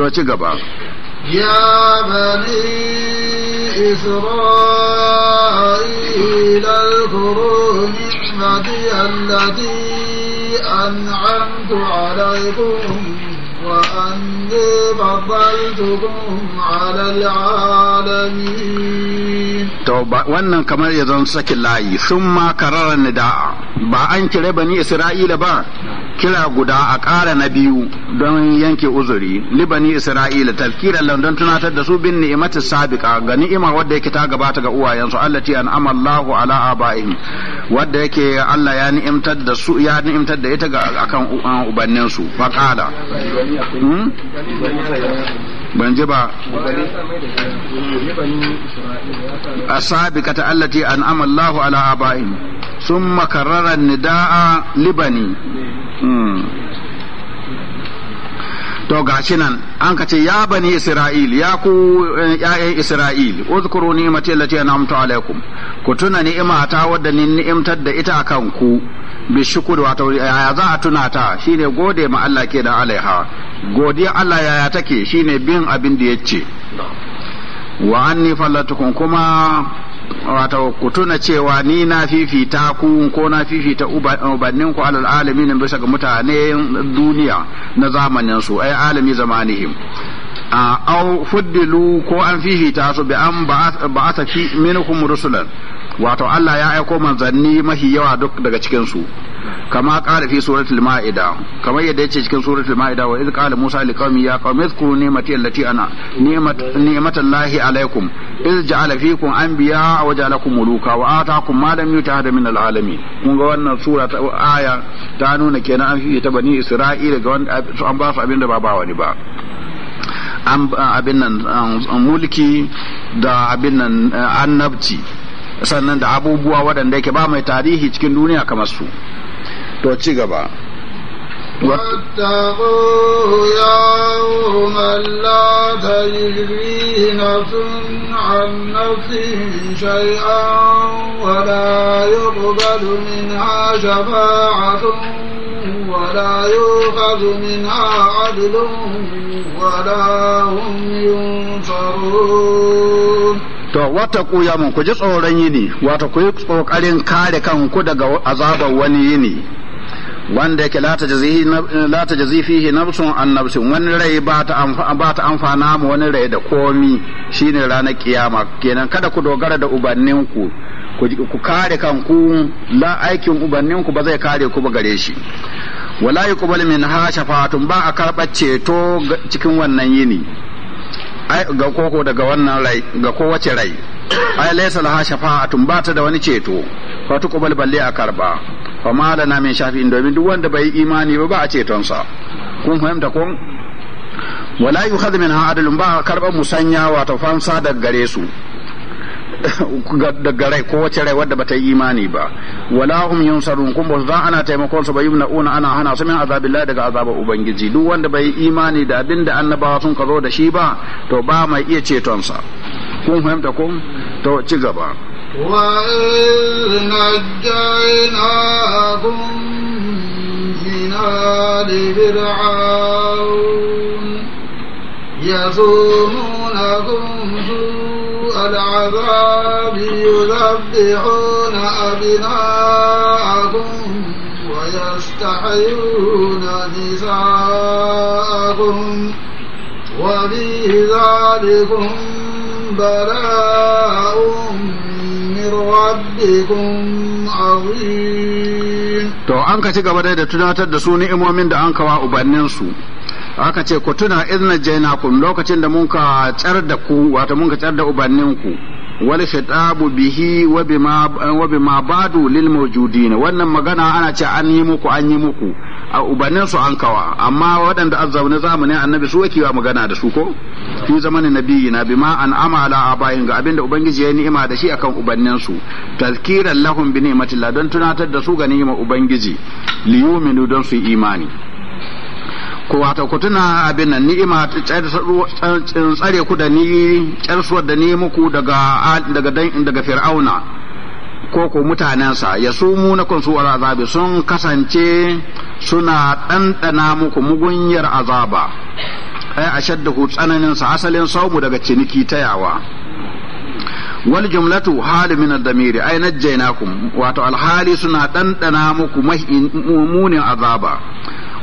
to ci gaba ya bani isra'ila al-quru min madi allati an'amtu alaykum wa anni faddaltukum ala al-alamin to wannan kamar ya zama sakin layi sun ma karara ni da ba an kire bani isra'ila ba kira guda a ƙara na biyu don yanke uzuri libani isra'ila lan don tunatar da su bin ni'imatu sabiqa ga ni'ima wadda yake ta gabata ga uwayensu allati an amallahu ala abaihim wadda yake Allah ya ni'imtar da su ya ni'imtar da ita ga akan uh, ubannin su faqala hmm? ban ji ba asabiqata allati an Allahu ala abaihim sun karrara nidaa libani hmm. to gashi nan an ka ce ya bani isra'il ya ku ya'yan eh, isra'il uzkuru ni'mati allati an'amtu alaikum ku tuna ni'ima ta wadda ni ni'imtar da ita akan ku bi shukur wato yaya za a tuna ta shine gode ma Allah ke da alaiha godiya Allah yaya take shine bin abin da yace wa anni fallatukum kuma wato ku tuna cewa ni na fifita ku ko na fifita ubannin ku alal alamin bisa ga mutane duniya na zamanin su ai alami zamanihim a au fuddilu ko an fifita su bi an ba'ata fi minhum rusulan wato Allah ya aiko manzanni mafi yawa duk daga cikin su kama qala fi suratul maida kamar yadda yake cikin suratul maida wa iz qala musa liqaumi ya qaumi zkuru ni'mati allati ana ni'matan lahi alaikum iz ja'ala fikum anbiya wa ja'alakum muluka wa ataakum ma lam yutahada min alalamin kun ga wannan sura ta aya ta nuna kenan an fiye ta bani isra'ila ga wanda an ba su abinda ba ba wani ba an abin nan mulki da abin nan annabci sannan da abubuwa waɗanda yake ba mai tarihi cikin duniya kamar su to ci gaba واتقوا يوما لا تجري نفس عن نفس شيئا ولا يقبل منها شفاعة ولا يؤخذ منها عدل ولا هم ينصرون to wata ku ya ku ji tsoron yini wata ku yi kokarin kare kanku daga azabar wani yini wanda yake la ta jazi fihi nafsun an nafsin wani rai ba ta amfana mu wani rai da komi shine ranar kiyama kenan kada ku dogara da ubanninku ku kare kanku la aikin ubanninku ba zai kare ku ba gare shi wala yuqbal min ha shafatun ba a karɓar ceto cikin wannan yini ga koko daga wannan rai ga kowace rai ai laysa laha shafa'atun ba ta da wani ceto fa tuqbal a karba fa malana min shafi'in domin duk wanda bai imani ba ba a ceton sa kun fahimta kun wala yukhadhu minha adalun ba karban musanya wato fansa daga gare su daga rai ko wace rai wadda ta yi imani ba wala hum yunsarun kun za ana taimakon su ba una ana hana su min azabillahi daga azabar ubangiji duk wanda bai imani da abinda da annabawa sun kazo da shi ba to ba mai iya ceton sa kun fahimta ko to ci gaba wa يصومونكم سوء العذاب يذبحون أبناءكم ويستحيون نساءكم وفي ذلكم بلاء To an ka ci gaba dai da tunatar da su ni'imomin da an kawa ubanninsu, aka ce ku tuna izna jainakum lokacin da mun ka tsar da ku wato mun ka tsar da ubanninku wal shitabu bihi wa bima wa bima badu lil mawjudin wannan magana ana ce an yi muku an yi muku a ubannin su an kawa amma waɗanda azzaune zamanin annabi su yake wa magana da su ko fi zamanin nabiyyi na bima an amala abayin ga abinda ubangiji ya ni'ima da shi akan ubannin su tazkiran lahum bi ni'matillah don tunatar da su ga ni'imar ubangiji liyuminu don su imani ku wata ku tuna abin nan ni'ima tsare ku da ni tsarsuwar da ni muku daga daga fir'auna ko ko mutanensa ya su mu na kun azabi sun kasance suna ɗanɗana muku mugunyar azaba ai ashaddahu tsananin sa asalin saumu daga ciniki tayawa wal jumlatu hali min ad-damiri ay najjaynakum wato alhali suna ɗanɗana muku munin azaba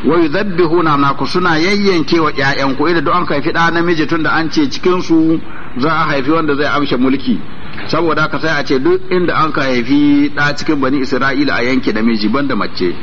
wa yudabbihuna na ku suna yayyanke wa ƴaƴan ku idan an haifi ɗa namiji tun da an ce cikin su za a haifi wanda zai amshe mulki saboda haka sai a ce duk inda an ka haifi ɗa cikin bani isra'ila a yanke namiji banda mace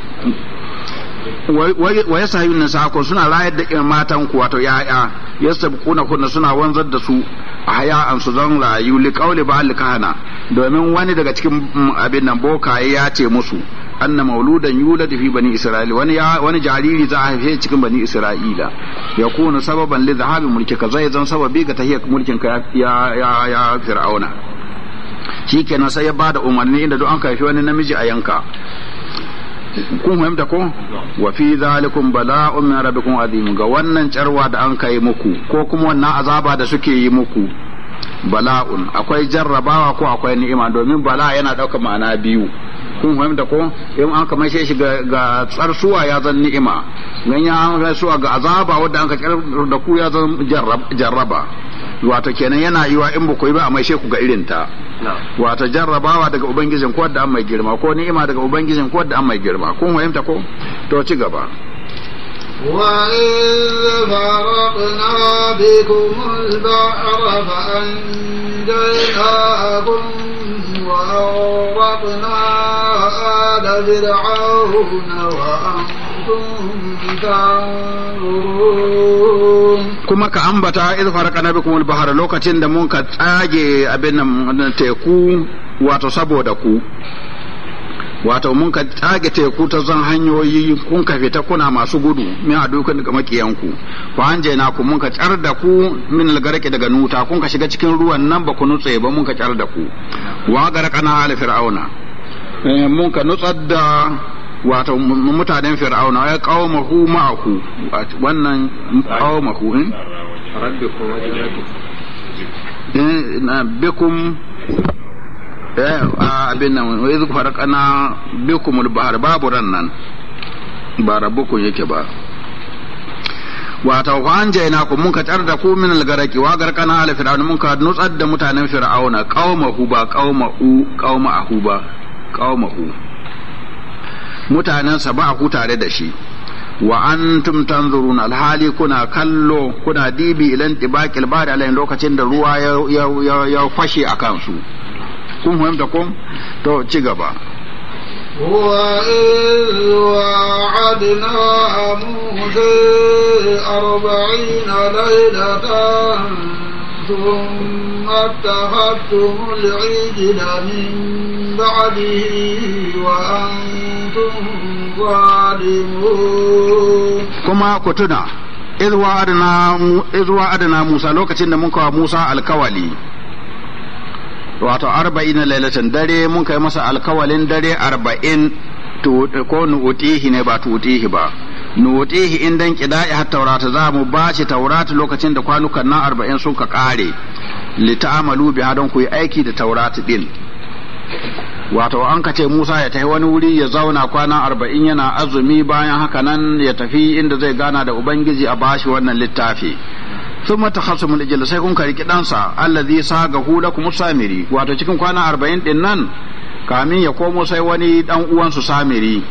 wa ya sahi nan sako suna rayar da matan ku wato ya'ya ya sabquna kunna suna wanzar da su a haya an su zan rayu li qawli ba al kahana domin wani daga cikin mm, abin nan bokaye ya ce musu anna mauludan yulad fi bani isra'ila wani wani jariri za a haife cikin bani isra'ila ya kuna sababan li dhahabi ka zai zan sababi ga tahiyar mulkin ka ya ya ya fir'auna shikenan sai ya bada umarni inda duk an haifi wani namiji a yanka kun fahimta ko wa fi zalikum bala'un min rabbikum azim ga wannan carwa da an kai muku ko kuma wannan azaba da suke yi muku bala'un akwai jarrabawa ko akwai ni'ima domin bala yana ɗaukar ma'ana biyu kun fahimta ko in an ka maishe shi ga tsarsuwa ya zan ni'ima ya an rasuwa ga azaba wanda an ka kyar da ku ya zan jarraba wato kenan yana yiwa in ba ku yi ba a maishe ku ga irin ta wato jarrabawa daga ubangijin ko da an mai girma ko ni'ima daga ubangijin ko da an mai girma kun fahimta ko to ci gaba وإذ فرقنا بكم البحر فأنجيناكم وأورقنا آل فرعون وأنتم kuma ka ambata iz farqana bikum al lokacin da mun ka tsage abin nan teku wato saboda ku wato mun ka tage teku ta zan hanyoyi kun ka fita kuna masu gudu min a dukan daga makiyanku ku je na ku mun ka tsar da ku min algarake daga nuta kun ka shiga cikin ruwan nan ba ku nutse ba mun ka tsar da ku wa garqana ala fir'auna eh, mun ka nutsar da wato mutanen fir'auna ya kawo ma ma'aku wannan kawo mahu in bikum Eh, abin nan wa idh farqana bikum bahar babu rannan ba rabbukum yake ba wato an jaina ku mun ka da ku min algaraki wa garkana ala fir'aun mun ka nutsar da mutanen fir'auna hu ba u qauma ahu ba hu mutanen sa ba ku tare da shi wa antum tanzuruna alhali kuna kallo kuna dibi ilan tibaqil bari alain lokacin da ruwa ya ya ya fashe akan su kun fahimta ko to ci gaba وإذ وعدنا موسى أربعين ليلة ثم اتخذتم العجل من بعده وأنتم ظالمون كما كتنا إذ وعدنا موسى لوكتنا موسى الكوالي wato arba'in lailatan dare mun kai masa alkawalin dare arba'in ko nu'utihi ne ba tu'utihi ba nu'utihi in dan kida'i har taurata za mu ba shi taurata lokacin da kwanukan nan arba'in sun ka kare litamalu biha don ku aiki da taurata din wato an ka ce Musa ya tafi wani wuri ya zauna kwana arba'in yana azumi bayan haka nan ya tafi inda zai gana da Ubangiji a bashi wannan littafi sun mata hasumul ijil sai kun karki ɗansa allazi saga hula kuma samiri wato cikin kwana arba'in ɗin nan kamin ya komo sai wani ɗan uwansu samiri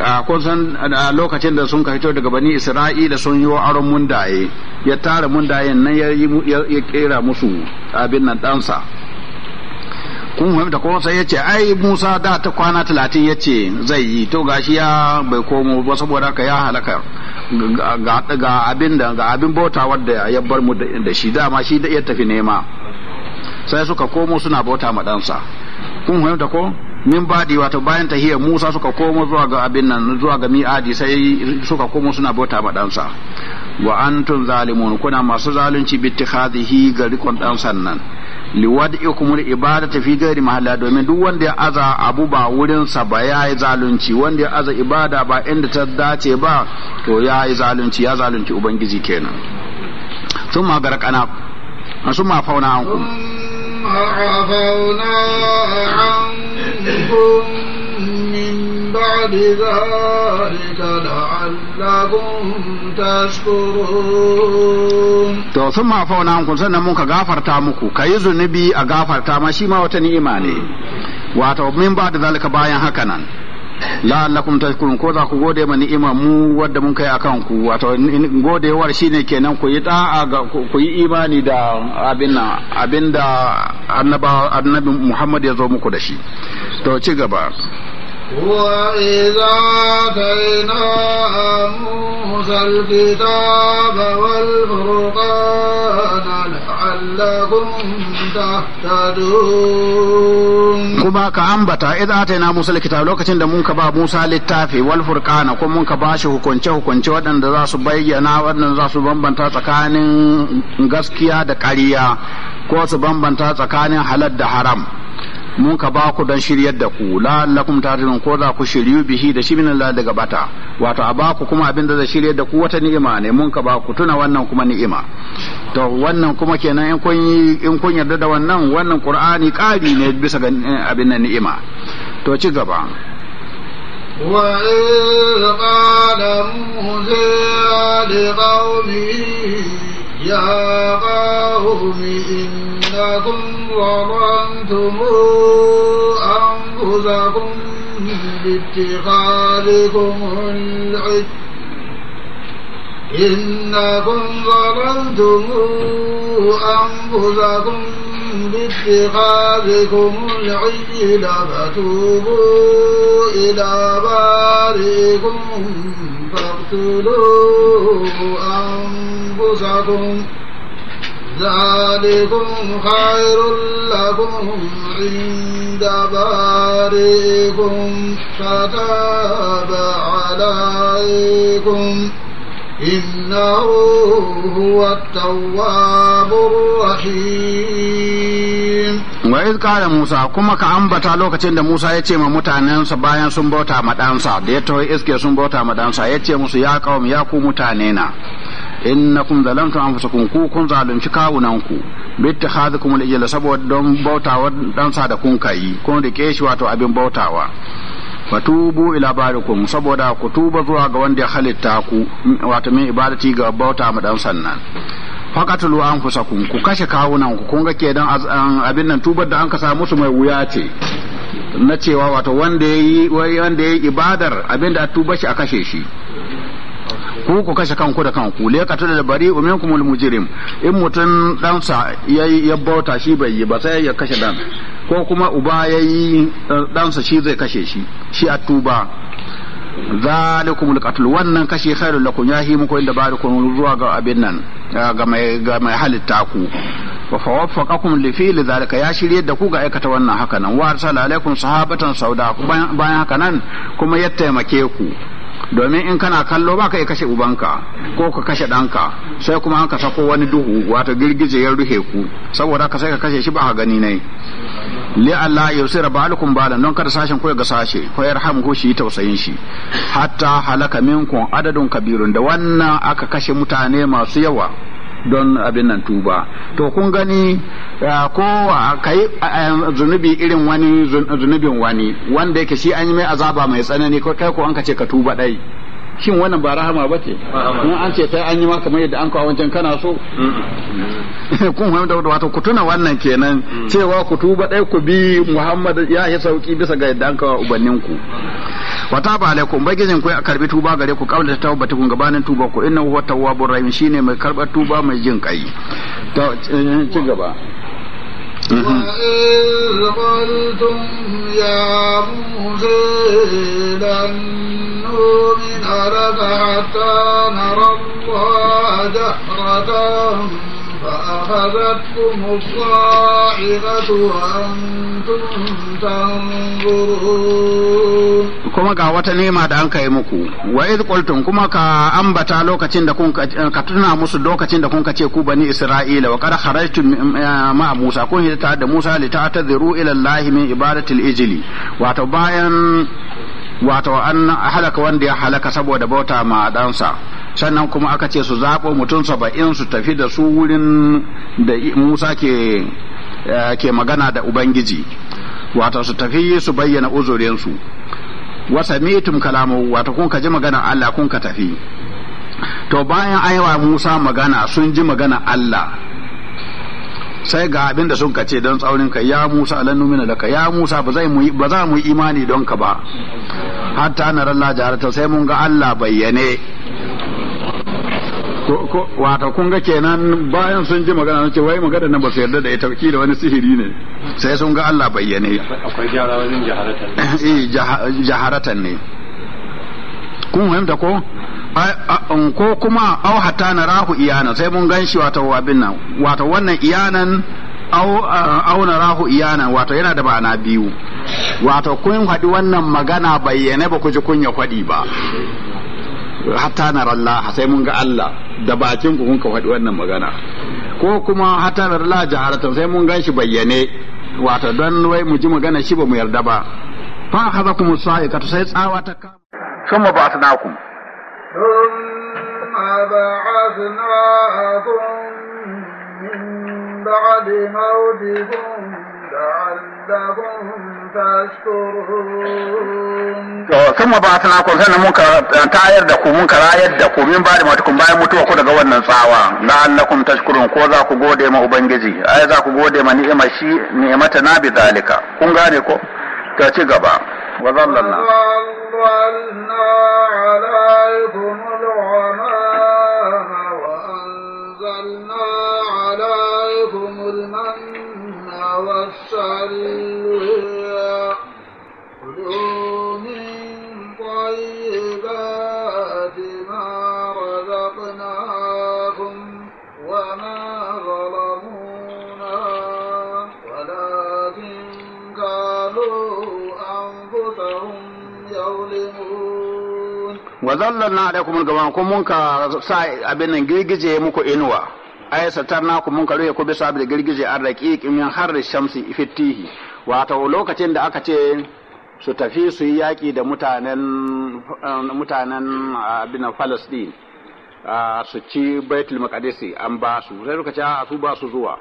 a kusan a lokacin da sun fito daga bani isra'ila sun yi aron mundaye ya tara mundayen nan ya kera musu abin nan ɗansa kun fahimta ko sai ya ce ai Musa da ta kwana talatin ya ce zai yi to gashi ya bai komo ba saboda ka ya halaka ga abin da ga abin bauta wadda ya bar mu da shi dama shi da ya tafi nema sai suka komo suna bauta ma ɗansa kun fahimta ko min baɗi wato bayan tahiyar Musa suka komo zuwa ga abin nan zuwa ga mi'adi sai suka komo suna bauta ma ɗansa wa antun zalimun kuna masu zalunci bitti hadihi ga rikon ɗansan nan liwad'ikum ibada ta fi gari mahalla domin duk wanda ya aza abu ba wurin sa ba yi zalunci wanda ya aza ibada ba inda ta dace ba to ya yi zalunci ya zalunci ubangiji kenan sun ma garkana sun ma fauna an kuma من بعد ذلك لعلكم تشكرون to sun ma fauna kun sannan mun ka gafarta muku ka yi zunubi a gafarta ma shi ma wata ni'ima ne wato min ba da zalika bayan haka nan la'allakum tashkurun ko za ku gode ma ni'ima mu wadda mun kai akan ku wato godewar shine kenan ku yi da'a ga ku yi imani da abin abinda annabi Muhammad ya zo muku da shi to ci gaba. Wa yaza kai namu salakita kuma ka ambata yaza kai na musu likita lokacin da mun ka ba Musa littafi wal furkana ko mun ka ba shi hukunce hukunce waɗanda za su bayyana waɗanda za su bambanta tsakanin gaskiya da kariya ko su bambanta tsakanin halar da haram. mun ka ba ku don shiryar da ku la'allakum tatirun ko za ku shiryu bihi da shi min daga bata wato a ba ku kuma abin da zai shiryar da ku wata ni'ima ne mun ka ba ku tuna wannan kuma ni'ima to wannan kuma kenan in kun in kun yarda da wannan wannan qur'ani ƙari ne bisa ga eh, abin nan ni'ima to ci gaba وإذ قال موسى لقومه يا قوم أنكم ظلمتم أنفسكم باتخاذكم العجل إنكم ظلمتم أنفسكم باتخاذكم العجل فتوبوا إلى بارئكم فاقتلوا أنفسكم ذلكم خير لكم عند بارئكم فتاب عليكم إنه هو التواب الرحيم wa iz qala Musa kuma ka ambata lokacin da Musa ya ce ma mutanensa bayan sun bauta ma ɗansa da ya tawo iske sun bauta ma ɗansa ya ce musu ya qaum ya ku mutane na innakum zalamtu anfusakum ku kun zalunci kawunanku. ku bittakhadukum al-ijla saboda don bautawa dan da kun kai kun rike shi wato abin bautawa fatubu ila barikum saboda ku tuba zuwa ga wanda ya halitta ku wato min ibadati ga bauta mu dan sannan faqatul anfusakum ku kashe kawunanku. kun ga kedan abin nan tubar da an ka samu su mai wuya ce na cewa wato wanda yayi wanda yayi ibadar abinda a tuba shi a kashe shi ku ku kashe kanku da kanku le ka tada da bari umin kumul mujrim in mutum ɗansa ya ya bauta shi bai yi ba sai ya kashe dan ko kuma uba yayi yi eh, ɗansa shi zai kashe shi shi a tuba zalikumul qatl wannan kashi khairul lakum ya hi muku inda kun zuwa ga abin nan eh, ga mai ga mai halitta ku wa fawaffaqakum li fi zalika ya shirye da ku ga aikata wannan haka nan wa arsala alaikum sahabatan sauda bayan haka nan kuma ya taimake ku domin in kana kallo ba ka kashe ubanka ko ka kashe ɗanka sai kuma an ka sako wani duhu wato girgije ya ruhe ku saboda ka sai ka kashe shi ba ka gani nai li Allah ya yusira balukum balan don kada sashen ko ga sashe ko yarhamu shi tausayin shi hatta halaka minkum adadun kabirun da wannan aka kashe mutane masu yawa don abin nan tuba to kun gani eh, ko eh, kai eh, zunubi irin wani zunubin wani wanda yake shi an yi mai azaba mai tsanani ko kai ko an ka ce ka tuba dai shin wannan ba rahama ba ce kuma an ce sai an yi maka mai yadda an kawo wancan kana so kun wani da wato ku tuna wannan kenan mm. cewa ku tuba dai ku bi Muhammad ya yi sauki bisa ga yadda an kawo ubanninku wa ba alaikum ubangijin ku a karbi tuba gare ku kabla ta tauba tukun gabanin tuba ku innahu huwa tawwabur rahim shine mai karbar tuba mai jin kai to eh, ci gaba وإذ قلتم يا موسى لن نؤمن لك حتى نرى الله جهرة فأخذتكم الصاعقة وأنتم تنظرون kuma ga wata nema da an kai muku wa iz qultum kuma ka ambata lokacin da kun ka tuna musu lokacin da kun ce ku bani isra'ila wa qad kharajtum eh, ma musa kun hita da musa li ta'tadhiru ila allahi min ibadati al-ijli wato bayan wato an halaka wanda ya halaka saboda bauta ma ɗansa sannan kuma aka ce su zaɓo mutum saba'in su tafi da su wurin da musa ke eh, ke magana da ubangiji wato su tafi su bayyana uzurinsu wasa mitum kalamu wato kun ka ji magana allah kun ka tafi to bayan aiwa musa magana sun ji magana allah sai ga abin da sun kace don tsaurin ka ya Musa alan numina laka ya Musa ba za mu yi imani don ka ba hatta na ralla jaharta sai mun ga Allah bayyane wata kun ga kenan bayan sun ji magana ce wai magana nan ba su yarda da ita da wani sihiri ne sai sun ga Allah bayyane akwai gyara wajen jaharatan eh, ne kun fahimta ko um, ko kuma au hatta na rahu iyana sai mun ganshi wato abin nan wato wannan iyanan au au na rahu iyana wato yana da ba'ana biyu wato kun haɗi wannan magana bayyane ba ku ji kunya faɗi ba hatta na ralla sai mun ga Allah da bakin ku kun ka faɗi wannan magana ko kuma hatta na ralla jaharatan sai mun ganshi bayyane wato don wai mu ji magana shi ba mu yarda ba fa hazakum sa'iqatu sai tsawa ta ثم بعثناكم ثم بعثناكم من بعد موتكم لعلكم تشكرون mun tayar da ku mun karayar da ku min ba da matukum bayan mutuwa ku daga wannan tsawa la'allakum tashkurun ko za ku gode ma ubangiji ai za ku gode ma ni'imar shi ni'imata na bi zalika kun gane ko ta ci gaba جعلنا عليكم الغمام وأنزلنا عليكم المن والسلوى wa zallan na al-ghamam kun mun ka sa abin nan girgije muku inuwa ay satarna ku mun ka ruye ku da girgije an raqiq min harri shamsi fitihi wato lokacin da aka ce su tafi su yi yaƙi da mutanen mutanen abin su ci Baitul Maqdis an ba su sai suka ce a su ba su zuwa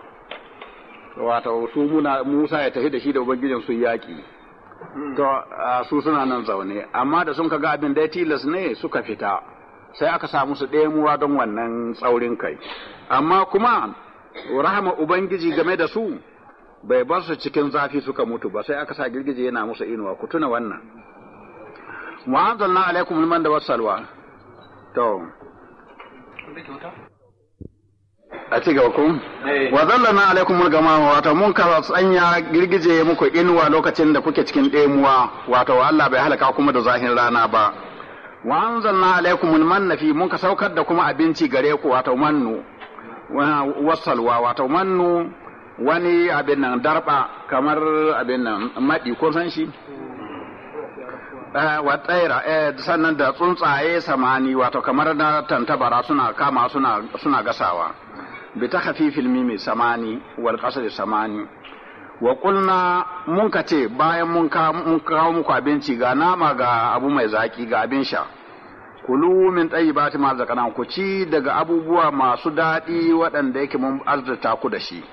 wato su muna Musa ya tafi da shi da ubangijin su yaƙi Hmm. to a su suna nan zaune amma da sun kaga abin da tilas ne suka fita sai aka samu su ɗaya don wannan tsaurin kai amma kuma rahama ubangiji game da su bai bar su cikin zafi suka mutu ba sai aka sa girgije yana musu inuwa ku tuna wannan wa'azalna alaikum liman da wasalwa to a ci gaba ku eh. wa zallana alaikum gama wato mun ka sanya girgije muku inuwa lokacin da kuke cikin ɗemuwa wato Allah bai halaka kuma da zahin rana ba wa anzalna alaikum almanna fi mun ka saukar da kuma abinci gare ku wato mannu wasalwa wato mannu wani abin nan darba kamar abin nan maɗi ko san shi eh, wa tsaira eh, sannan da tsuntsaye samani wato kamar na tantabara suna kama suna gasawa bi takhfifil mai samani wal qasri samani wa kulna mun ka ce bayan mun kawo muku abinci ga nama ga abu mai zaƙi ga abin sha kulu min tayyibati ma zakana ku ci daga abubuwa masu daɗi waɗanda yake mun arzuta ku da shi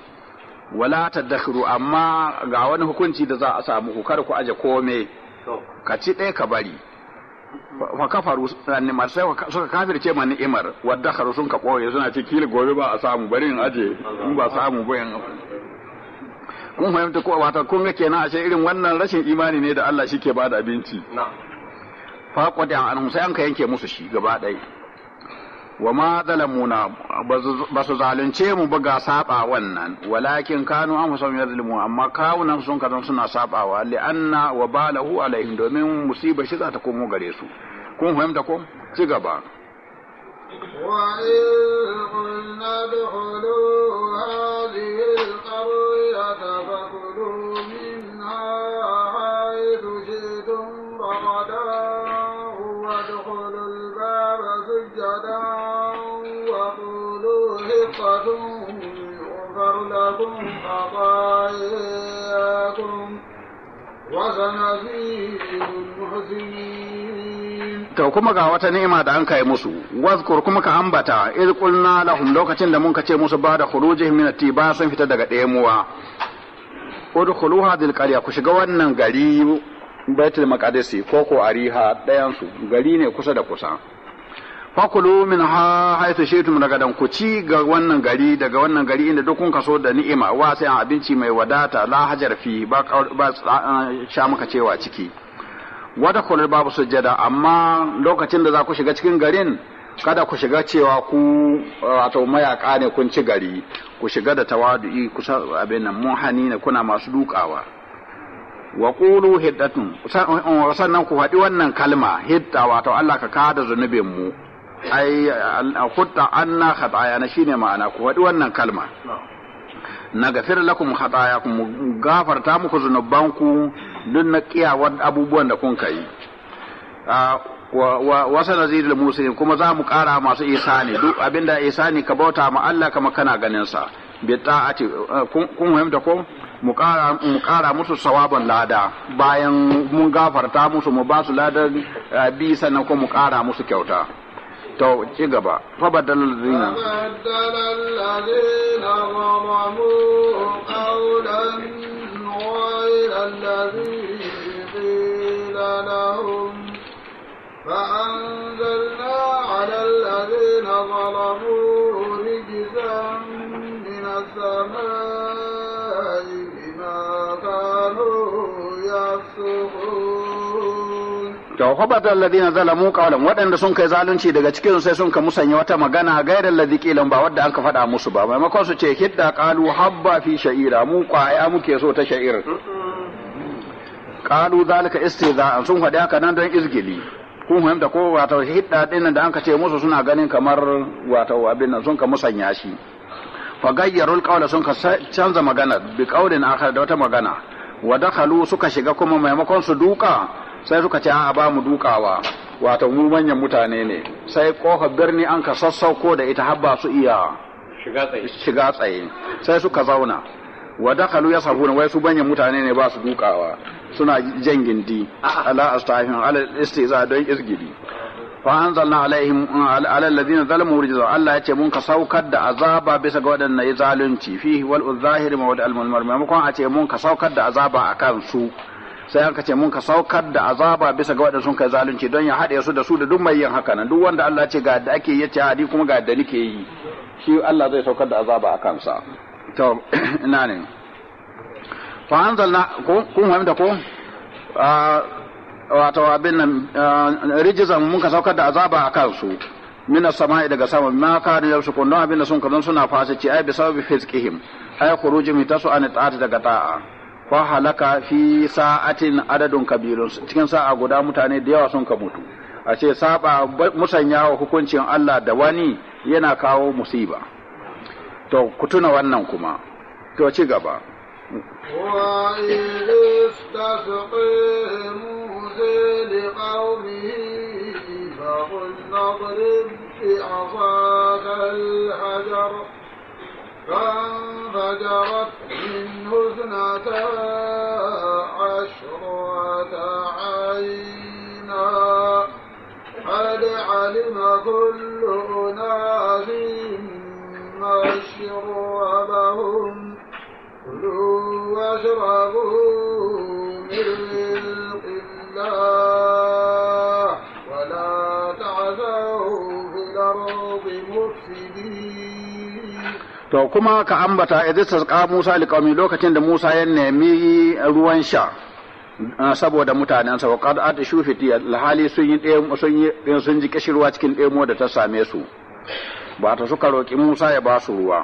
wala tadakhru amma ga wani hukunci da za a samu ku kar ku aje komai ka ci ɗaya ka bari fa kafaru ni'mar sai suka kafirce ma ni'imar wadda kharu sun ka koye suna ce kila gobe ba a samu bari in aje in ba samu ba kun fahimta ko wata kun ga kenan ashe irin wannan rashin imani ne da Allah shi ke bada abinci fa qad an sai an ka yanke musu shi gaba ɗaya wa ma zalamuna ba su zalunce mu ba ga saba wannan walakin kanu an fusam yazlimu amma kawunan sun kazan suna sabawa Li'anna wa balahu alaihim domin musiba shi za ta komo gare su kun fahimta ko ci gaba وادخلوا الباب سجدا رخصة to kuma ga wata ni'ima da an kai musu wazkur kuma ka ambata iz qulna lahum lokacin da mun ce musu ba da khurujihim min atiba sun fita daga ɗayamuwa udkhuluha dil qarya ku shiga wannan gari baitul Maqdis ko ko ariha ɗayan su gari ne kusa da kusa fakulu min ha haitu shaitum dan ku ci ga wannan gari daga wannan gari inda duk kun kaso da ni'ima wa sai abinci mai wadata la hajar fi ba ba sha maka cewa ciki wada kullu babu sujada amma lokacin da za ku shiga cikin garin kada ku shiga cewa ku wato mayaka ne kun ci gari ku shiga da tawadu'i kusa abin nan muhani ne kuna masu dukawa wa qulu hiddatun sannan ku faɗi wannan kalma hidda wato Allah ka kada zunubin mu ai hutta anna khataya na shine ma'ana ku faɗi wannan kalma na gafir lakum khataya ku gafarta muku ku duk na kiyawar abubuwan da kun kai wasa sana da musulun kuma za mu kara masu isani duk abinda isani ka bauta ma Allah kama kana ganin sa bi ta'ati eh, kun fahimta ko mu kara musu sawaban lada bayan mun gafarta musu mu ba su lada eh, bi sannan ko mu kara musu kyauta to ci gaba fa badal ladina badal ladina zalamu qawlan ghayra alladhi qila lahum فأنزلنا على الذين ظلموا رجزا من السماء بما كانوا يفسقون to hubata alladhina zalamu qawlan wadanda sun kai zalunci daga cikin sai sun ka musanya wata magana gairar ladhi qilan ba wadda an ka musu ba maimakon su ce hidda qalu habba fi sha'ira mu qaya muke so ta sha'ir qalu zalika istiza'an sun fada haka nan don izgili kun fahimta ko wato hidda din da an ka ce musu suna ganin kamar wato abin nan sun ka musanya shi fa gayyarul qawla sun ka canza magana bi qawlin akhar da wata magana wa dakhalu suka shiga kuma maimakon su duka sai suka ce a ba mu dukawa wato mu manyan mutane ne sai kofa birni an ka sassauko da ita habba su iya shiga tsaye sai suka zauna wa dakalu yasabuna wai su banyan mutane ne ba su dukawa suna jan gindi ala astahin ala istiza don isgidi fa anzalna alaihim ala alladhina zalamu rijza Allah yace mun ka saukar da azaba bisa ga wadannan zalunci fihi wal zahiri mulmar ma maimakon a ce mun ka saukar da azaba akan su sai aka ce mun ka saukar da azaba bisa ga waɗanda sun kai zalunci don ya haɗe su da su da duk mai yin haka nan duk wanda Allah ce ga da ake yace hadi kuma ga da nake yi shi Allah zai saukar da azaba a kansa to ina ne fa anzalna ko kun fahimta ko wato abin nan rijizan mun ka saukar da azaba a kansu mina sama'i daga sama ma ka da yau kun don abin da sun kazan suna fasici ai bi sababi fizqihim ai khurujum tasu an ta'ati daga ta'a fa halaka fi sa'atin adadun kabirun cikin sa'a guda mutane da yawa sun ka mutu a ce saba wa hukuncin Allah da wani yana kawo musiba to ku tuna wannan kuma to ci gaba فقل نضرب بعصاك الحجر فانفجرت منه اثنتان to kuma ka ambata idan ka Musa liqaumi lokacin da Musa ya nemi ruwan sha saboda mutanensa wa qad atashu fi alhali sun yi sun yi sun ji kishirwa cikin demo da ta same su ba ta suka roki Musa ya ba su ruwa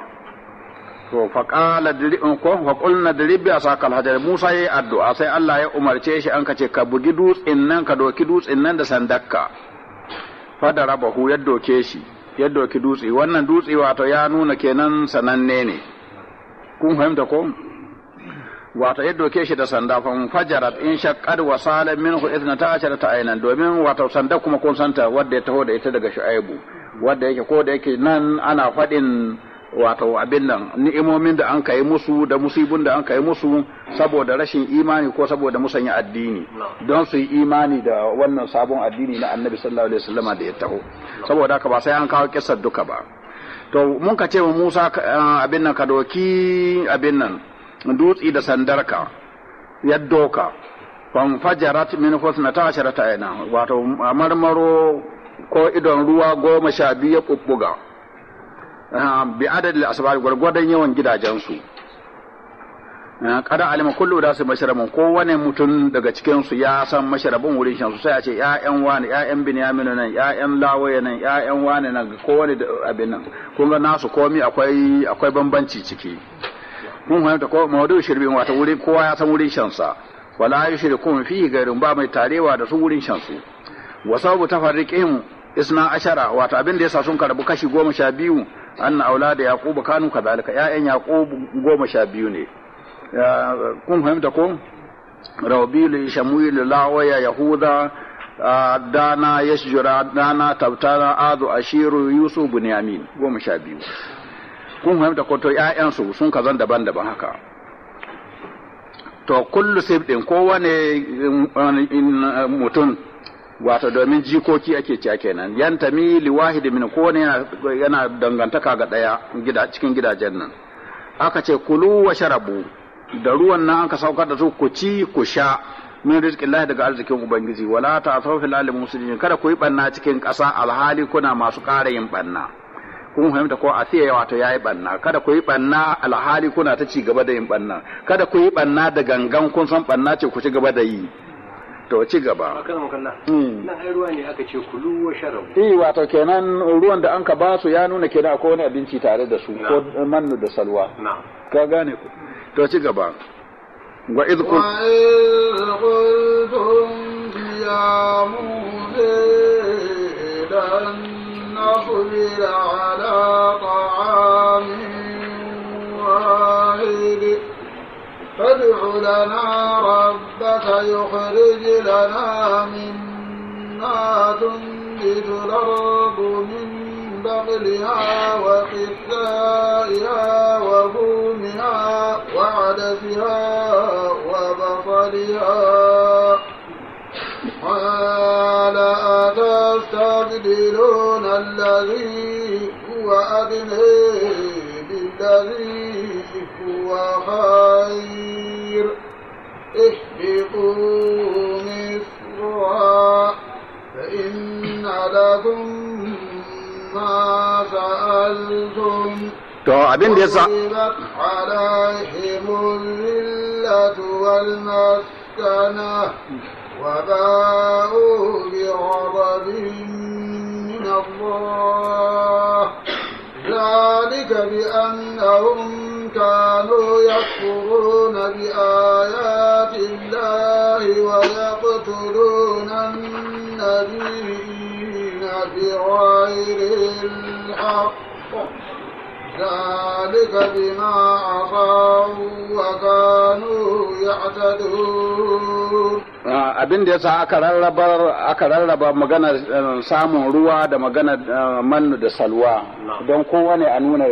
to fa qala dir'in ko fa qulna dirbi asakal hajar Musa yayi addu'a sai Allah ya umarce shi an kace ka bugi dutsin nan ka doki dutsin nan da sandakka fa darabahu ya doke shi yadda ki dutse wannan dutse wato ya nuna kenan sananne ne kun fahimta ko wato yadda ke shi da sanda fa fajarat in shaqqad wa salam minhu ithna ta ta'aynan domin wato sanda kuma kun santa wanda ya taho da ita daga shu'aibu wanda yake ko da yake nan ana fadin wato abin nan ni'imomin da an kai musu da musibin da an kai musu saboda rashin imani ko saboda musanya addini don su yi imani da wannan sabon addini na annabi sallallahu alaihi wasallama da ya taho saboda haka ba sai an kawo kissar duka ba to mun ka ce wa Musa eh, abin nan ka doki abin nan dutsi da sandarka ya doka fajarat min ta asharata ina wato marmaro ko idon ruwa goma sha biyu ya kubbuga Ah, bi adadil asbar gwargwadon yawan gidajensu ah, kada alima kullu da su masharabin kowane mutum daga cikin su ya san masharabin wurin shan su sai a ce ƴaƴan wani ƴaƴan binyaminu nan ƴaƴan lawaye nan ƴaƴan wani nan kowane abin nan kun ga nasu komi akwai akwai bambanci ciki kun fahimta ko mawdu shirbin wata wuri kowa ya san wurin shan sa wala yushrikun fi gairin ba mai tarewa da su wurin shan su wa sababu tafarriqihim isna ashara wata abin da yasa sun karbu kashi goma sha biyu anna aulada yaqub kanu kadhalika ya'yan yaqub goma sha biyu ne kun fahimta ko rabilu shamuil lawaya yahuda dana yashjura dana tabtana adu ashiru yusuf bunyamin goma sha biyu kun fahimta ko to ƴaƴansu sun kazan daban-daban haka to kullu sibdin kowane um, um, uh, mutum wato domin jikoki ake cewa kenan yantami li wahidi min ne yana dangantaka ga daya gida cikin gidajen nan aka ce kulu wa sharabu da ruwan nan aka saukar da su ku ci ku sha min Allah daga arzikin ubangiji wala ta'thaw fil alim muslimin kada ku yi banna cikin ƙasa alhali kuna masu ƙara yin banna kun fahimta ko asiya wato yayi banna kada ku yi banna alhali kuna ta ci gaba da yin banna kada ku yi banna da gangan kun san banna ce ku ci gaba da yi to ci gaba nan hmm. ai ruwa ne aka ce kulu wa sharabu eh wato kenan ruwan da an ka ba su ya nuna kenan akwai wani abinci tare da su ko mannu da salwa ka gane ku to ci gaba wa idh qultum ya musa lan نصبر ala ta'amin ادع لنا ربك يخرج لنا مما تنبت الأرض من بغلها وقثائها وظلمها وعدسها وبصلها قال أتستبدلون الذي هو أدنى بالذي هو خير اهبطوا مصرا فإن لكم ما سألتم to عليهم da والمسكنة وباءوا بغضب من الله ذلك بأنهم كانوا يكفرون بآيات الله ويقتلون النبيين بغير الحق ذلك بما عصوا وكانوا يعتدون abin da yasa aka rarraba aka rarraba magana samun ruwa da magana mannu da salwa don kowa ne a nuna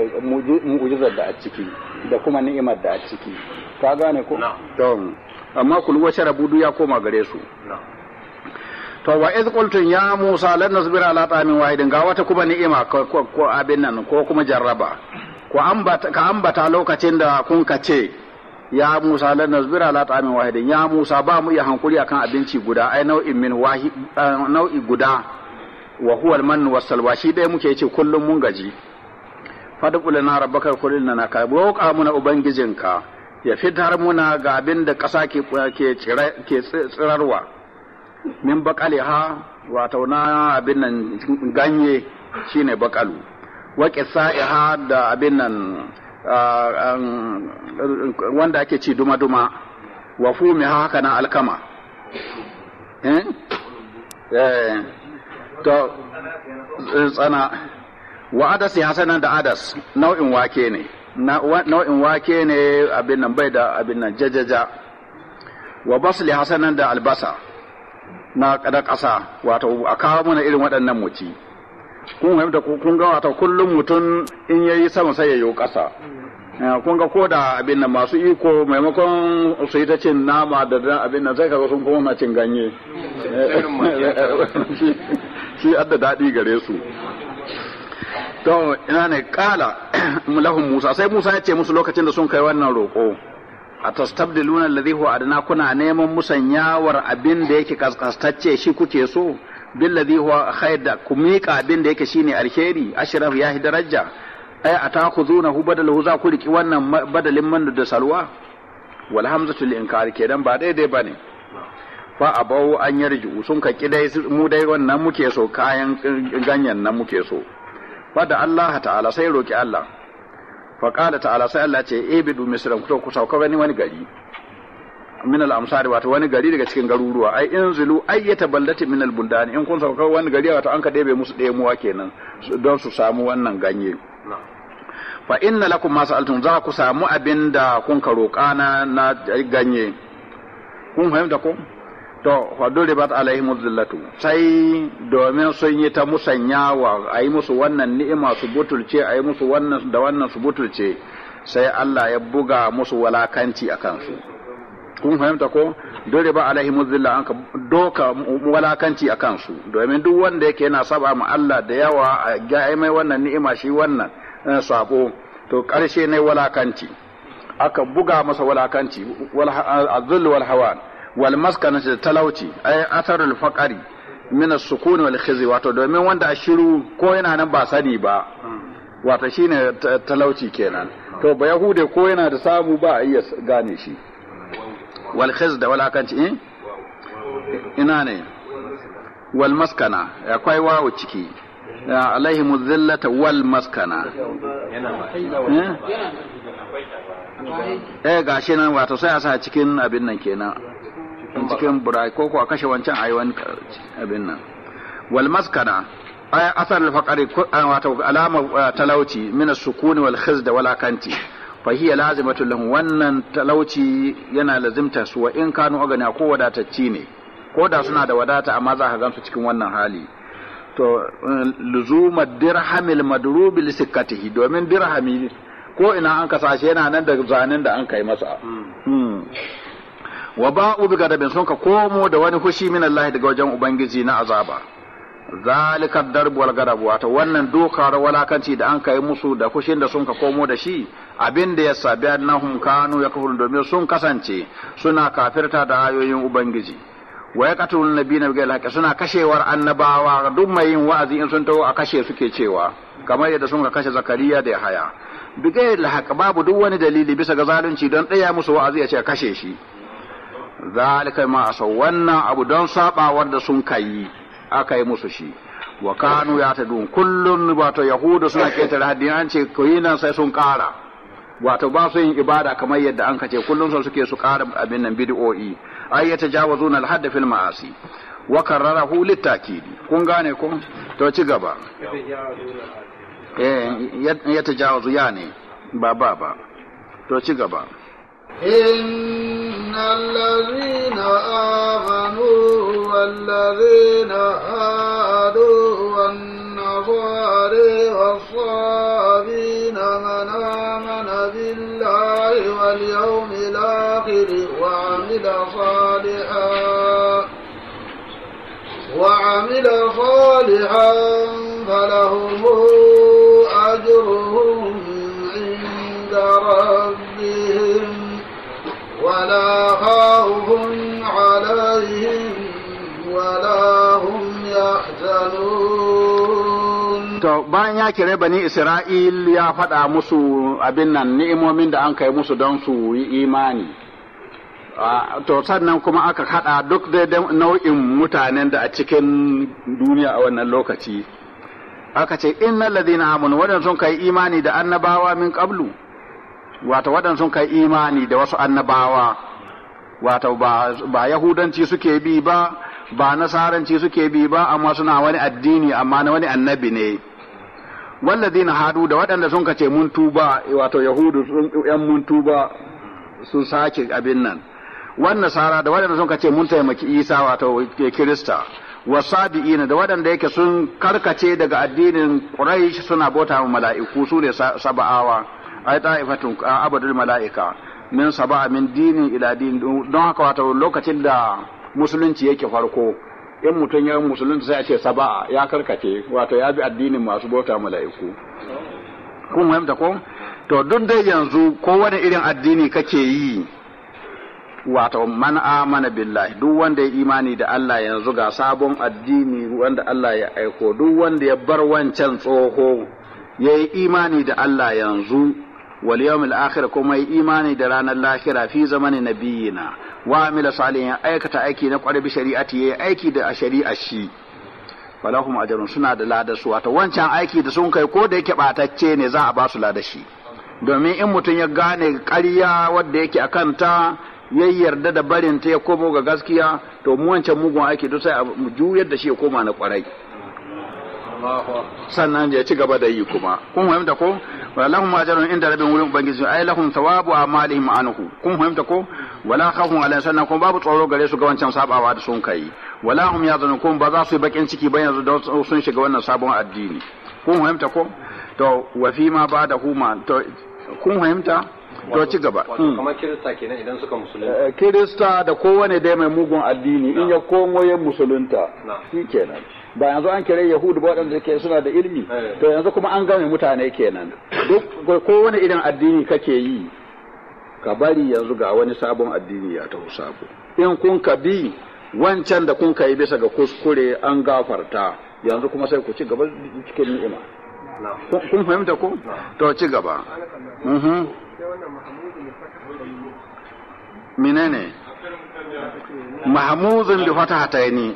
mu'jizar da a ciki da kuma ni'imar da a ciki ka gane ko don amma kulu wace rabudu ya koma gare su to wa iz qultum ya musa lan nasbira ala ta'amin wahidin ga wata kuma ni'ima ko abin nan ko kuma jarraba ko ambata ka ambata lokacin da kun ka ce ya musa lan nasbira ala ta'amin wahidin ya musa ba mu iya hankuri akan abinci guda ai nau'in min eh, nau'i guda wa huwa al-mann was salwa shi dai muke ce kullum mun gaji fadqul na rabbaka qul na ka roƙa muna ubangijinka ya fitar muna ga abin da ƙasa ke ke tsirarwa min ha wato na abin nan ganye shine waƙe wa ha da abin nan wanda ake ci duma duma wa fumiha haka na alkama eh, eh. to tsana wa adas ya sanar da adas nau'in wake ne nau'in wake ne abin nan bai da abin nan jajaja wa basli hasanan da albasa na kada ƙasa wato a kawo mana irin waɗannan muci kun fahimta kun ga wato kullum mutum in yayi sama sai ya yi ƙasa eh, kun ga koda abin nan masu iko maimakon su yi ta cin nama da dan abin nan sai kaga sun koma cin ganye shi adda daɗi gare su to ina ne kala lahum Musa sai Musa ya ce musu lokacin da sun kai wannan roko a tastabdiluna alladhi huwa adna kuna neman musanyawar abin da yake kaskastacce shi kuke so billadhi huwa khair da ku miƙa abin da yake shine alheri ashraf yahi daraja ay atakhudhunahu badalahu za ku riki wannan badalin man da salwa wal hamzatu lil inkar kenan ba daidai bane fa abau an yarju sun ka kidai mu dai wannan muke so kayan ganyen nan muke so fada Allah ta'ala sai roki Allah fa qala ta'ala sai Allah ce bidu misran ku ku sauka wani wani gari min al amsari wato wani gari daga cikin garuruwa ai inzilu ayyata baldatin min al buldani in kun sauka wani gari wato an ka debe musu ɗaya muwa kenan don su samu wannan ganye fa inna lakum ma sa'altum za ku samu abinda kun ka roƙa na ganye kun fahimta ko to faduribat alaihim zillatu sai domin sun yi ta musanyawa a yi musu wannan ni'ima su butulce a yi musu wannan da wannan su butulce sai Allah ya buga musu walakanci a kansu kun fahimta ko dole ba alaihim zilla an ka doka walakanci a kansu domin duk wanda yake yana saba ma Allah da yawa a ga mai wannan ni'ima shi wannan eh, sako to karshe ne walakanci aka buga masa walakanci azzul wal hawan wal maskanati da talauci ay atharul faqari min as-sukun wal khizi wato domin wanda a shiru ko yana nan ba sani ba wato shine talauci kenan to ba yahude ko yana da samu ba a iya gane shi wal khiz da walakanci eh ina ne wal maskana akwai wawo ciki alaihi zillata wal maskana eh? eh gashi nan wato sai a sa cikin abin nan kenan cikin burai ko ko kashe wancan ayi wani abin nan wal maskana ay asar al faqari ah, wato alama ah, talauci min as sukuni wal khizd wal akanti fa hiya lazimatu lahum wannan talauci yana lazimta su wa in kanu agana ko wadatacci ne ko da suna da wadata amma za ka gamsu cikin wannan hali to eh, luzuma dirhamil madrub li sikkatihi domin dirhami ko ina an kasashe yana nan da zanen da an kai masa mm. hmm. wa ba'u bi gadabin sun ka komo da wani fushi min Allah daga wajen ubangiji na azaba zalika darbu wal ta wato wannan dokar walakanci da an kai musu da fushin da sun ka komo da shi abin da ya sabi annahum kanu ya yakfurun domin sun kasance suna kafirta da ayoyin ubangiji wa nabi na bi haqqi suna kashewar annabawa duk mai yin wa'azi in sun taho a kashe suke cewa kamar yadda sun ka kashe zakariya da Yahaya. bi gairi babu duk wani dalili bisa ga zalunci don ɗaya musu wa'azi ya ce kashe shi zalika ma asaw wannan abu don saba wanda sun kai aka yi musu shi wa kanu ya ta dun kullun wato yahudu suna ketare haddin an ce koyi nan sai sun kara wato ba su yin ibada kamar yadda an kace kullun sun suke su kara abin nan bid'o'i ay yatajawazuna al-hadd fil ma'asi wa karrarahu litakidi kun gane ko to ci gaba eh yatajawazu ya ne ba ba ba to ci gaba إن الذين آمنوا والذين هادوا والنصارى والصابين من آمن بالله واليوم الآخر وعمل صالحا وعمل صالحا فلهم ولا خوف عليهم ولا هم يحزنون to bayan ya kire bani Isra'il ya faɗa musu abin nan ni'imomin da an kai musu don su yi imani to sannan kuma aka haɗa duk da nau'in mutanen da a cikin duniya a wannan lokaci aka ce innal ladina amanu wadanda sun kai imani da annabawa min qablu wato waɗanda sun kai imani da wasu annabawa wato ba yahudanci suke bi ba ba nasaranci suke bi ba amma suna wani addini amma na wani annabi ne walladina hadu da waɗanda sun kace mun tuba wato yahudu yan mun tuba sun sake abin nan wannan sara da waɗanda sun kace mun taimaki isa wato kirista wasabi'ina da waɗanda yake sun karkace daga addinin quraish suna bota wa mala'iku su ne saba'awa ai ta'ifatun abadul mala'ika min saba'a min dini ila dini don haka wato lokacin da musulunci yake farko in mutum ya musulunci sai a ce saba'a ya karkace wato ya bi addinin masu bauta mala'iku kun fahimta ko to duk dai yanzu ko wani irin addini kake yi wato man amana billahi duk wanda ya imani da Allah yanzu ga sabon addini wanda Allah ya aiko duk wanda ya bar wancan tsoho ya yi imani da Allah yanzu wal yawmil akhir kuma yi imani da ranar lahira fi zamanin nabiyina wa amila salihin aikata aiki na kwarbi bi shari'ati yayi aiki da shari'a shari'ar shi falahum ajrun suna da ladasu wato wancan aiki da sun kai ko da yake batacce ne za a ba su ladar domin in mutum ya gane ƙarya wadda yake a ta, ya yarda da barinta ya komo ga gaskiya to mu wancan mugun aiki duk sai a juyar da shi ya koma na kwarai sannan ya ci gaba da yi kuma kun fahimta ko walahum ajrun inda rabbin wurin ubangiji ay lahum thawabu amalihim anhu kun fahimta ko wala khawfun ala sannan kuma babu tsoro gare su ga wancan sabawa da sun kai wala hum yazunun kun ba za su yi bakin ciki ba yanzu sun shiga wannan sabon addini kun fahimta ko to wa fi ma ba da huma to kun fahimta to ci gaba hmm. kamar kirista kenan idan suka musulunta eh, kirista da kowane dai mai mugun addini in ya komo ya musulunta shi kenan ba yanzu an kira yahudu ba waɗanda ke suna da ilimi eh. to yanzu kuma an game mutane kenan duk kowane irin addini kake yi ka bari yanzu ga wani sabon addini ya taho sabo in kun ka bi wancan da kun ka yi bisa ga kuskure an gafarta yanzu kuma sai ku ci gaba cikin ni'ima kun fahimta ko to ci gaba menene mahmudun bi fataha ta ni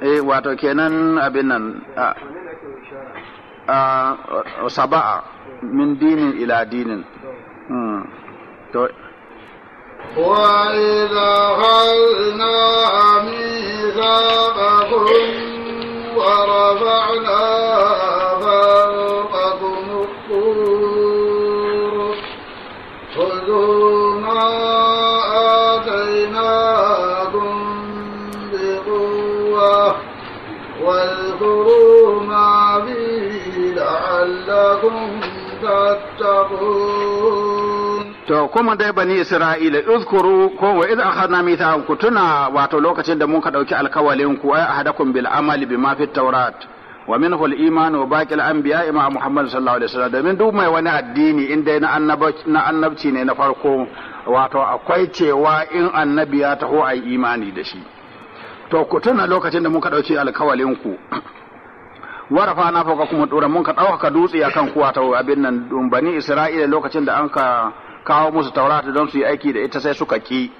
eh wato kenan abin nan a saba'a min dinin ila dinin hmm. to وإذا خلنا ميثاقكم ورفعنا فوق لعلكم تتقون To kuma dai bani Isra'ila uzkuru ko wa idh akhadna mithaqakum ku tuna wato lokacin da mun ka dauki alkawalin ku ay ahadakum bil amali bi mafi taurat, wa min al iman wa baqi al anbiya Muhammad sallallahu alaihi wasallam domin duk mai wani addini in dai na annabci ne na farko wato akwai cewa in annabi ya taho ai imani da shi to ku tuna lokacin da muka ɗauki alkawalin ku warafa na fauka kuma dora mun ka ɗaukaka dutse akan kuwa ta abin nan bani isra'ila lokacin da an ka kawo musu taurata don su yi aiki da ita sai suka ki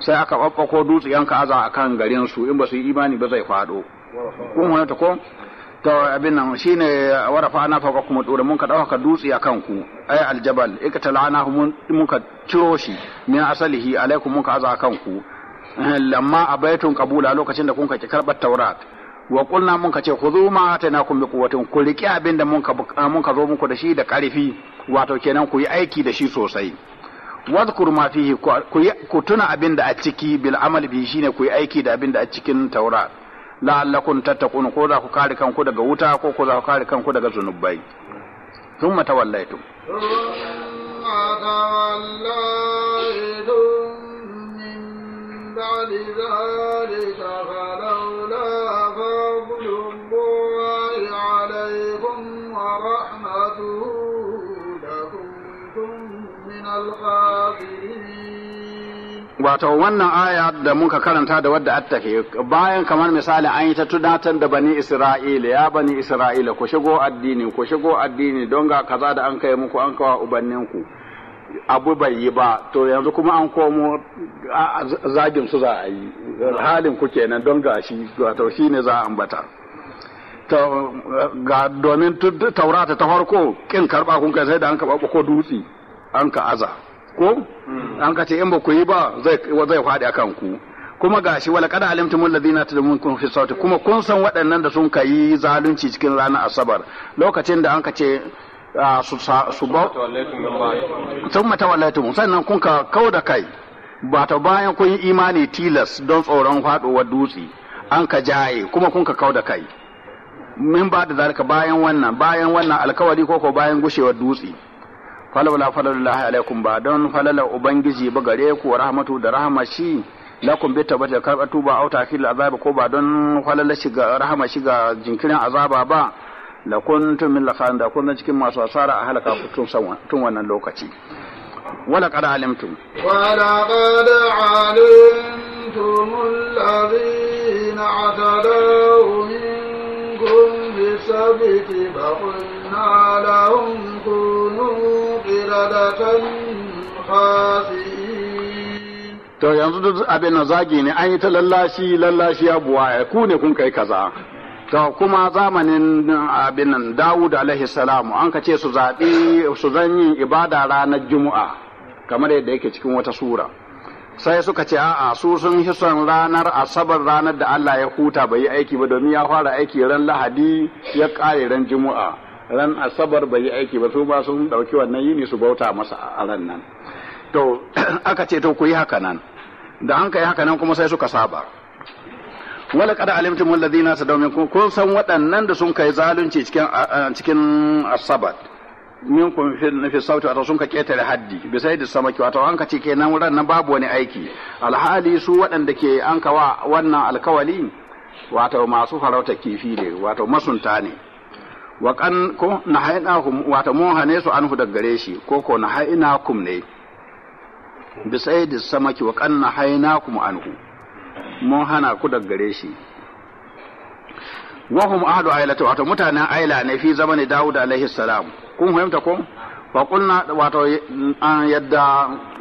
sai aka ɓaɓɓako dutse an ka aza akan garin su in ba su yi imani ba zai faɗo kun wani ta ko ta abin nan shine warafa na fauka kuma dora mun ka ɗaukaka dutse akan ku ay aljabal iktalana mun ka ciro shi min asalihi alaikum mun ka aza akan ku eh, lamma abaitun kabula lokacin da kun ka ki karɓar taurata wa kulna mun ka ce khudhu ma atainakum bi quwwatin ku riki abin da mun ka mun ka zo muku da shi da karfi wato kenan ku yi aiki da shi sosai wadhkur ma fihi ku tuna abin da a ciki bil amal bi shine ku yi aiki da abin da a cikin taurat la'allakum tattaqun ko za ku kare kanku daga wuta ko ko za ku kare kanku daga zunubai ثم توليتم ثم توليتم من بعد ذلك فلولا ورحمته لكنتم من الغافلين wato wannan aya da muka karanta da wadda attafe bayan kamar misali an yi ta tunatar da bani isra'ila ya bani isra'ila ku shigo addini ku shigo addini don ga kaza da an kai muku an kawa ubanninku abu bai yi ba to yanzu kuma an komo zagin su za a yi halin ku kenan don ga gashi wato ne za a ambata ga domin taurata ta farko kin karba kun kai sai da an ka ko dutsi an ka aza ko an ka ce in ba ku yi ba zai zai faɗi akan ku kuma gashi wala kada alimtum alladhina tadmunkum fi sawti kuma kun san waɗannan da sun kai zalunci cikin ranar asabar lokacin da an ka ce su ba sun matawallaitum sannan kun ka kau da kai ba ta bayan kun yi imani tilas don tsoron wa dutse an ka jaye kuma kun ka kau da kai min ba da zalika bayan wannan bayan wannan alkawari ko ko bayan gushewar dutse falawla falalullahi alaikum ba don falala ubangiji ba gare ku rahmatu da rahmashi lakum bi tabata karbatu ba auta fil azaba ko ba don falala shiga rahma shiga jinkirin azaba ba la kuntum min lakhan da kun cikin masu asara a halaka ku tun wannan lokaci wala qad alimtum wala qad alimtum alladhina atadaw min السبت فقلنا لهم كونوا قردة خاسئين to yanzu duk abin zagi ne an yi ta lallashi lallashi ya buwaya ku ne kun kai kaza to kuma zamanin uh, abin nan Dawud alaihi salamu an ka ce su zaɓi su zan yin ibada ranar Juma'a kamar yadda yake cikin wata sura sai suka ce a'a su sun fi son ranar asabar ranar da Allah ya huta bai yi aiki ba domin ya fara aiki ran lahadi ya kare ran juma'a ran asabar bai yi aiki ba su ba sun dauki wannan yini su bauta masa a ran nan to aka ce to ku yi haka nan da an kai haka nan kuma sai suka saba wala kada alimtum alladhina sadaw minkum kun san waɗannan da sun kai zalunci cikin cikin asabar minkum fi fi sauti wato sun ka ketare haddi bi sai da samaki wato an ka ce kenan ran nan babu wani aiki alhali su waɗanda ke an kawa wannan alkawali wato masu farauta kifi ne wato masunta ne wa kan ko nahainahum wato mun hane su anhu da gare shi ko ko nahainakum ne bi sai da samaki wa kan nahainakum anhu mun hana ku da gare shi wahum ahadu ailata wato mutanen aila ne fi zamanin Dawud alaihi salam kun fahimta ko wa kunna wato an yadda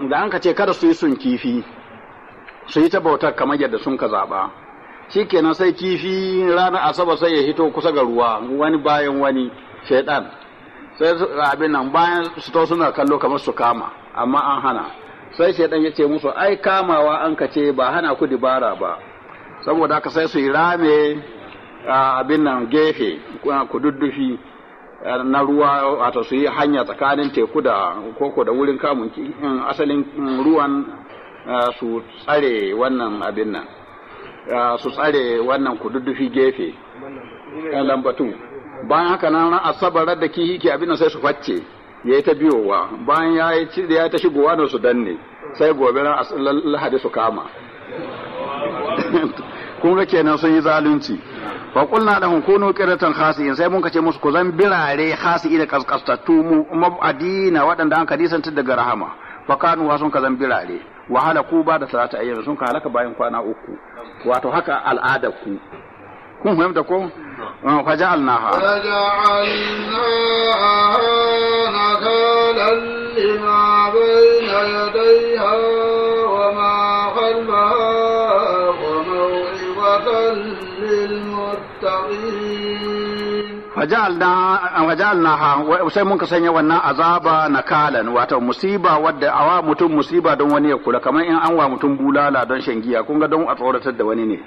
da an ka ce kada su yi sun kifi su yi ta bautar kamar yadda sun ka zaba shikenan sai kifi ranar asabar sai ya hito kusa ga ruwa wani bayan wani shaidan sai abin nan bayan su to suna kallo kamar su kama amma an hana sai shaidan ya ce musu ai kamawa an ka ce ba hana ku dibara ba saboda haka sai su yi rame abin nan gefe ku kududdufi na ruwa wato su yi hanya tsakanin teku da koko da wurin kamun asalin ruwan eh, su tsare wannan abin nan eh, su tsare wannan kududdufi gefe eh, lambatu bayan haka nan asabar da kihi ke abin nan sai su facce ya yi ta biyowa bayan ya yi ta shigowa da su danne sai gobe ran lahadi su kama kun ga kenan sun yi zalunci fa qulna lahum kunu qiratan khasiyin sai mun kace musu ku zan birare khasi da kaskastattu mu mabadina waɗanda an kadisanta ga rahama fa kanu wasun ka zan birare wa halaku ba da salata ayyana sun ka halaka bayan kwana uku wato haka al'ada ku kun fahimta ko ah, fa ja'alnaha ha nakalan lima fajalna sai mun ka sanya wannan azaba kalan wato musiba wadda awa mutum musiba don wani ya kula kamar in an wa mutum bulala don shan giya kun ga don a tsoratar da wani ne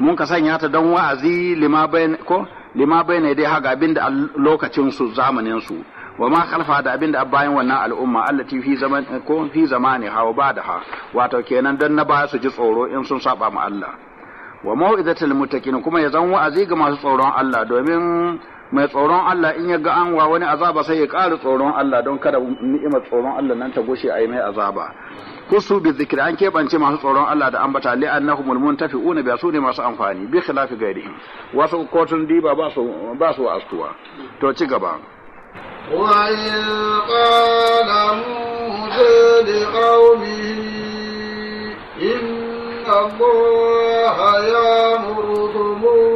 mun ka sanya ta don wa'azi lima bayan ko lima bayan dai haka abinda a lokacin su zamanin su wa ma khalfa da abinda bayan wannan al'umma allati fi zaman ko fi zamani hawa ba da ha wato kenan don na ba su ji tsoro in sun saba ma Allah wa mau'izatul muttaqin kuma ya zan wa'azi ga masu tsoron Allah domin mai tsoron Allah in ya ga an wa wani azaba sai ya ƙara tsoron Allah don kada ni'imar tsoron Allah nan ta goshe a yi mai azaba kusu bi zikiri an keɓance masu tsoron Allah da ambata li annahumul una biya su ne masu amfani bi khilafi gari wasu kotun diba ba su ba astuwa to ci gaba إن الله يأمركم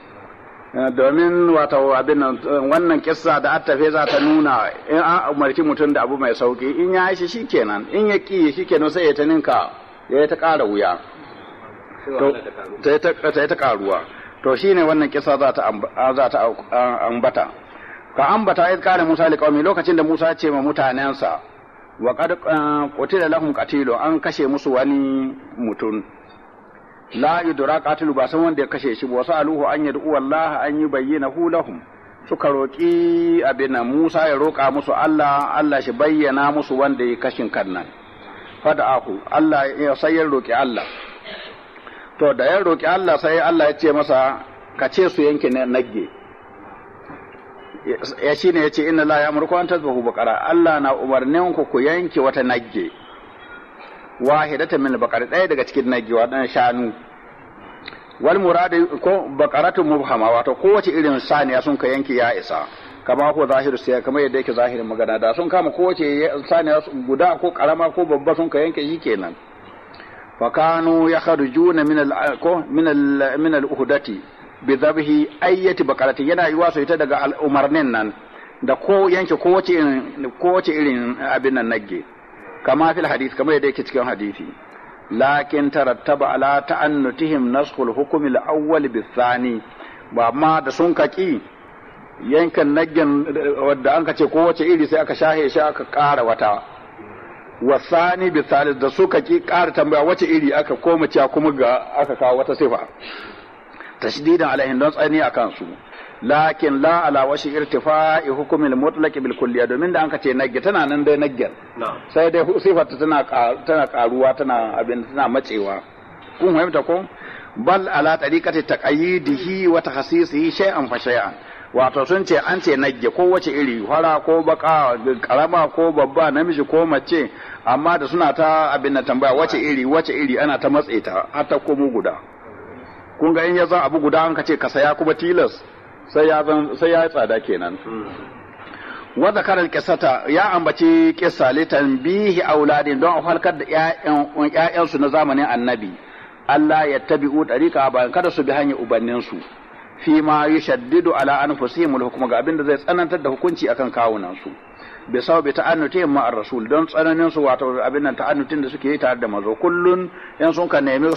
Eh, domin wato abin eh, wannan kissa da attafe za ta nuna in eh, an umarci mutum da abu mai sauki in ya shi shikenan in ya ki shikenan sai ya ta ninka ya ta ƙara wuya ta ta ƙaruwa to shine wannan kissa za ta ambata ka ambata ya ƙara Musa liƙaumi lokacin da Musa ce ma mutanensa wa qad qutila lahum qatilun an kashe musu wani mutum la yudra qatilu ba san wanda ya kashe shi ba aluhu an yad'u Allah an yi bayyana lahum suka roki abin Musa ya roka musu Allah Allah shi bayyana musu wanda ya kashin kannan aku Allah ya sai ya roki Allah to da ya roki Allah sai Allah ya ce masa ka ce su yanke nagge ya shine ya ce inna la ya'muru an tazbahu baqara Allah na umarnin ku ku yanke wata nagge wahidatan min al-baqar ɗaya daga cikin nagiwa dan shanu wal muradu ko baqaratu mubhama wato kowace irin saniya sun ka yanki ya isa kama ko zahiru sai kama yadda yake zahirin magana da sun kama kowace saniya guda ko karama ko babba sun ka yanke shi kenan fa kanu yakhrujuna min al ko min al min al uhdati bi dhabhi ayyati baqaratin yana yiwa su ita daga al umarnin nan da ko yanke kowace irin kowace irin abin nan nagge kama fil hadith kamar yadda yake cikin hadisi lakin tarattaba ala ta'annutihim naskhul hukm al-awwal bi ba ma da sun kaki yankan nagin wadda an ka ce kowace iri sai aka shahe shi aka ƙara wata wasani bi salis da suka ki ƙara tambaya wace iri aka koma cewa kuma ga aka kawo wata sifa tashdidan alaihin don tsani akan su lakin la ala washi irtifa'i hukumin mutlaki bil kulliya domin da an ce nagge tana nan dai naggen sai dai sifarta tana tana karuwa tana abin tana macewa kun fahimta ko bal ala tariqati taqayidihi wa takhsisihi shay'an fa shay'an wato sun ce an ce nagge ko wace iri fara ko baka karama ko babba namiji ko mace amma da suna ta abin na tambaya wace iri wace iri ana ta matse ta har ta komo guda kun ga in ya za abu guda an ka ce ka saya kuma tilas sai ya tsada kenan wa karar kisata ya ambaci litan li a auladin don a halkar da ƴaƴansu na zamanin annabi Allah ya tabi'u ɗarika bayan kada su bi hanyar ubanninsu fi ma shaddidu ala anfusihim al kuma ga abinda zai tsanantar da hukunci akan kawunan su bi sababi ma'ar rasul don tsananin su wato abin nan ta'annutin da suke yi tare da mazo. Kullum yan sun ka nemi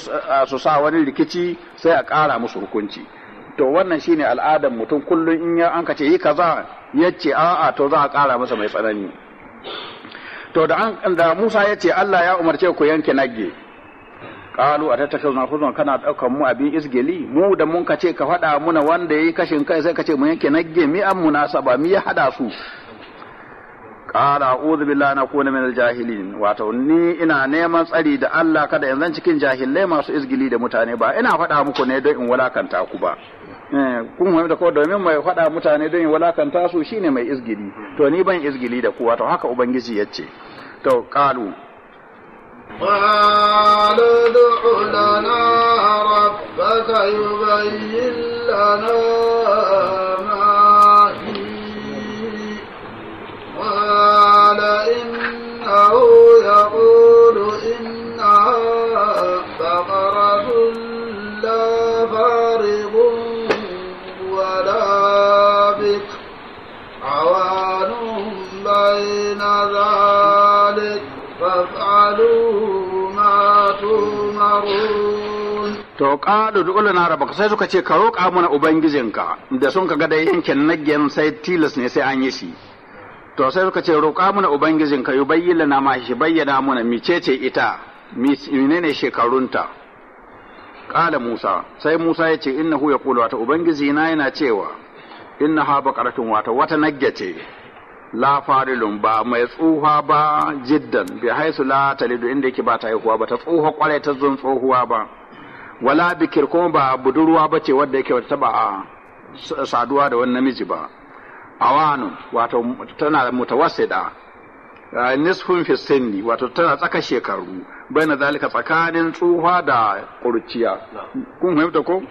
su sa wani rikici sai a ƙara musu hukunci to wannan shine al'adar mutum kullum in ya an ce yi kaza ya ce a'a to za a ƙara masa mai tsanani to da Musa ya ce Allah ya umarce ku yanke nagge qalu atatakazuna khuzun kana daukan mu abin isgeli mu da mun kace ka faɗa muna wanda yayi kashin kai sai kace mu yanke nagge mi an munasaba mi ya hada su qala a'udhu billahi na kuna min jahilin wato ni ina neman tsari da Allah kada yanzu cikin jahilai masu isgili da mutane ba ina faɗa muku ne don in wulakanta ku ba Eh, kun mu da ko domin mai faɗa mutane don walakanta su shine mai izgili to ni ban izgili da kowa to haka ubangiji ya ce to qalu qalu ma to qalu du'lana rabbaka sai suka ce ka roƙa mana ubangijinka da sun ka ga da yankin nagyen sai tilas ne sai an yi shi to sai suka ce roƙa mana ubangijinka yubayyana na ma shi bayyana mana micece ita menene shekarunta qala musa sai musa ya ce innahu yaqulu wata ubangiji na yana cewa innaha baqaratun wata wata nagyace la farilun ba mai tsuha ba jiddan bi haisu la talidu inda yake ba ta haihuwa ba ta tsuha kwarai ta zun tsohuwa ba wala bikir kuma ba budurwa ba ce wadda yake wata taba a ah, saduwa da wani namiji ba awanu wato tana mutawassida ah, nisfun Nisfin wato tana tsaka shekaru baina zalika tsakanin tsuhuwa da kurciya kun fahimta ko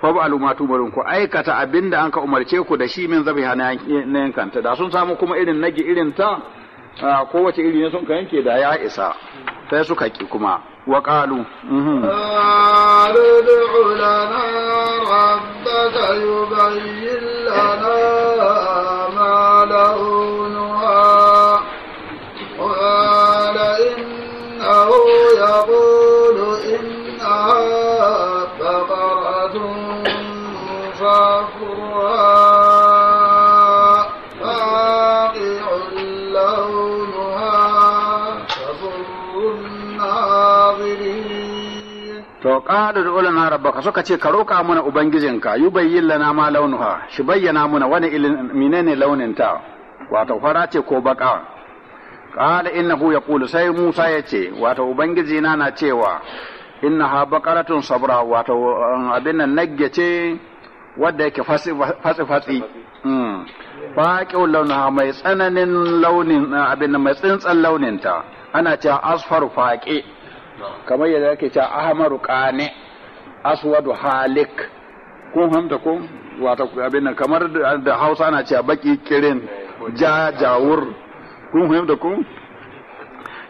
fa alumatu barin ku aikata abin da an ka umarce ku da shi min zabiha na yankanta da sun samu kuma irin nagi irin ta ah, kowace iri ne sun ka yanke da ya isa sai suka ki kuma وقالوا قالوا ادع لنا ربك يبين لنا to qalu ulama rabbaka suka ce ka roka mana ubangijinka yubayyin lana ma launuha shi bayyana mana wani ilin menene launin ta wato fara ce ko baka qala innahu yaqulu sai musa ya ce wato ubangiji na na cewa innaha baqaratun sabra wato um, abin nan nagge ce wanda yake fatsi fatsi faƙin hmm. launin mai tsananin launin abin mai tsintsan launin ta ana cewa asfar faƙi kamar yadda ake cewa ahmaru qani aswadu halik kun hamta ko wata abin nan kamar da Hausa na cewa baki kirin ja jawur kun hamta ko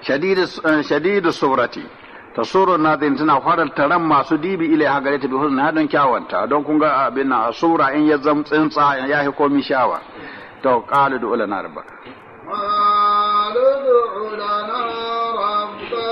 shadidu eh, surati tasurun nadin tana fara taran masu dibi ile ha gare ta bi husna don kyawanta don kun ga abin na sura in ya zam tsinsa ya hi komi shawa to qalu ulana rabbaka qalu ulana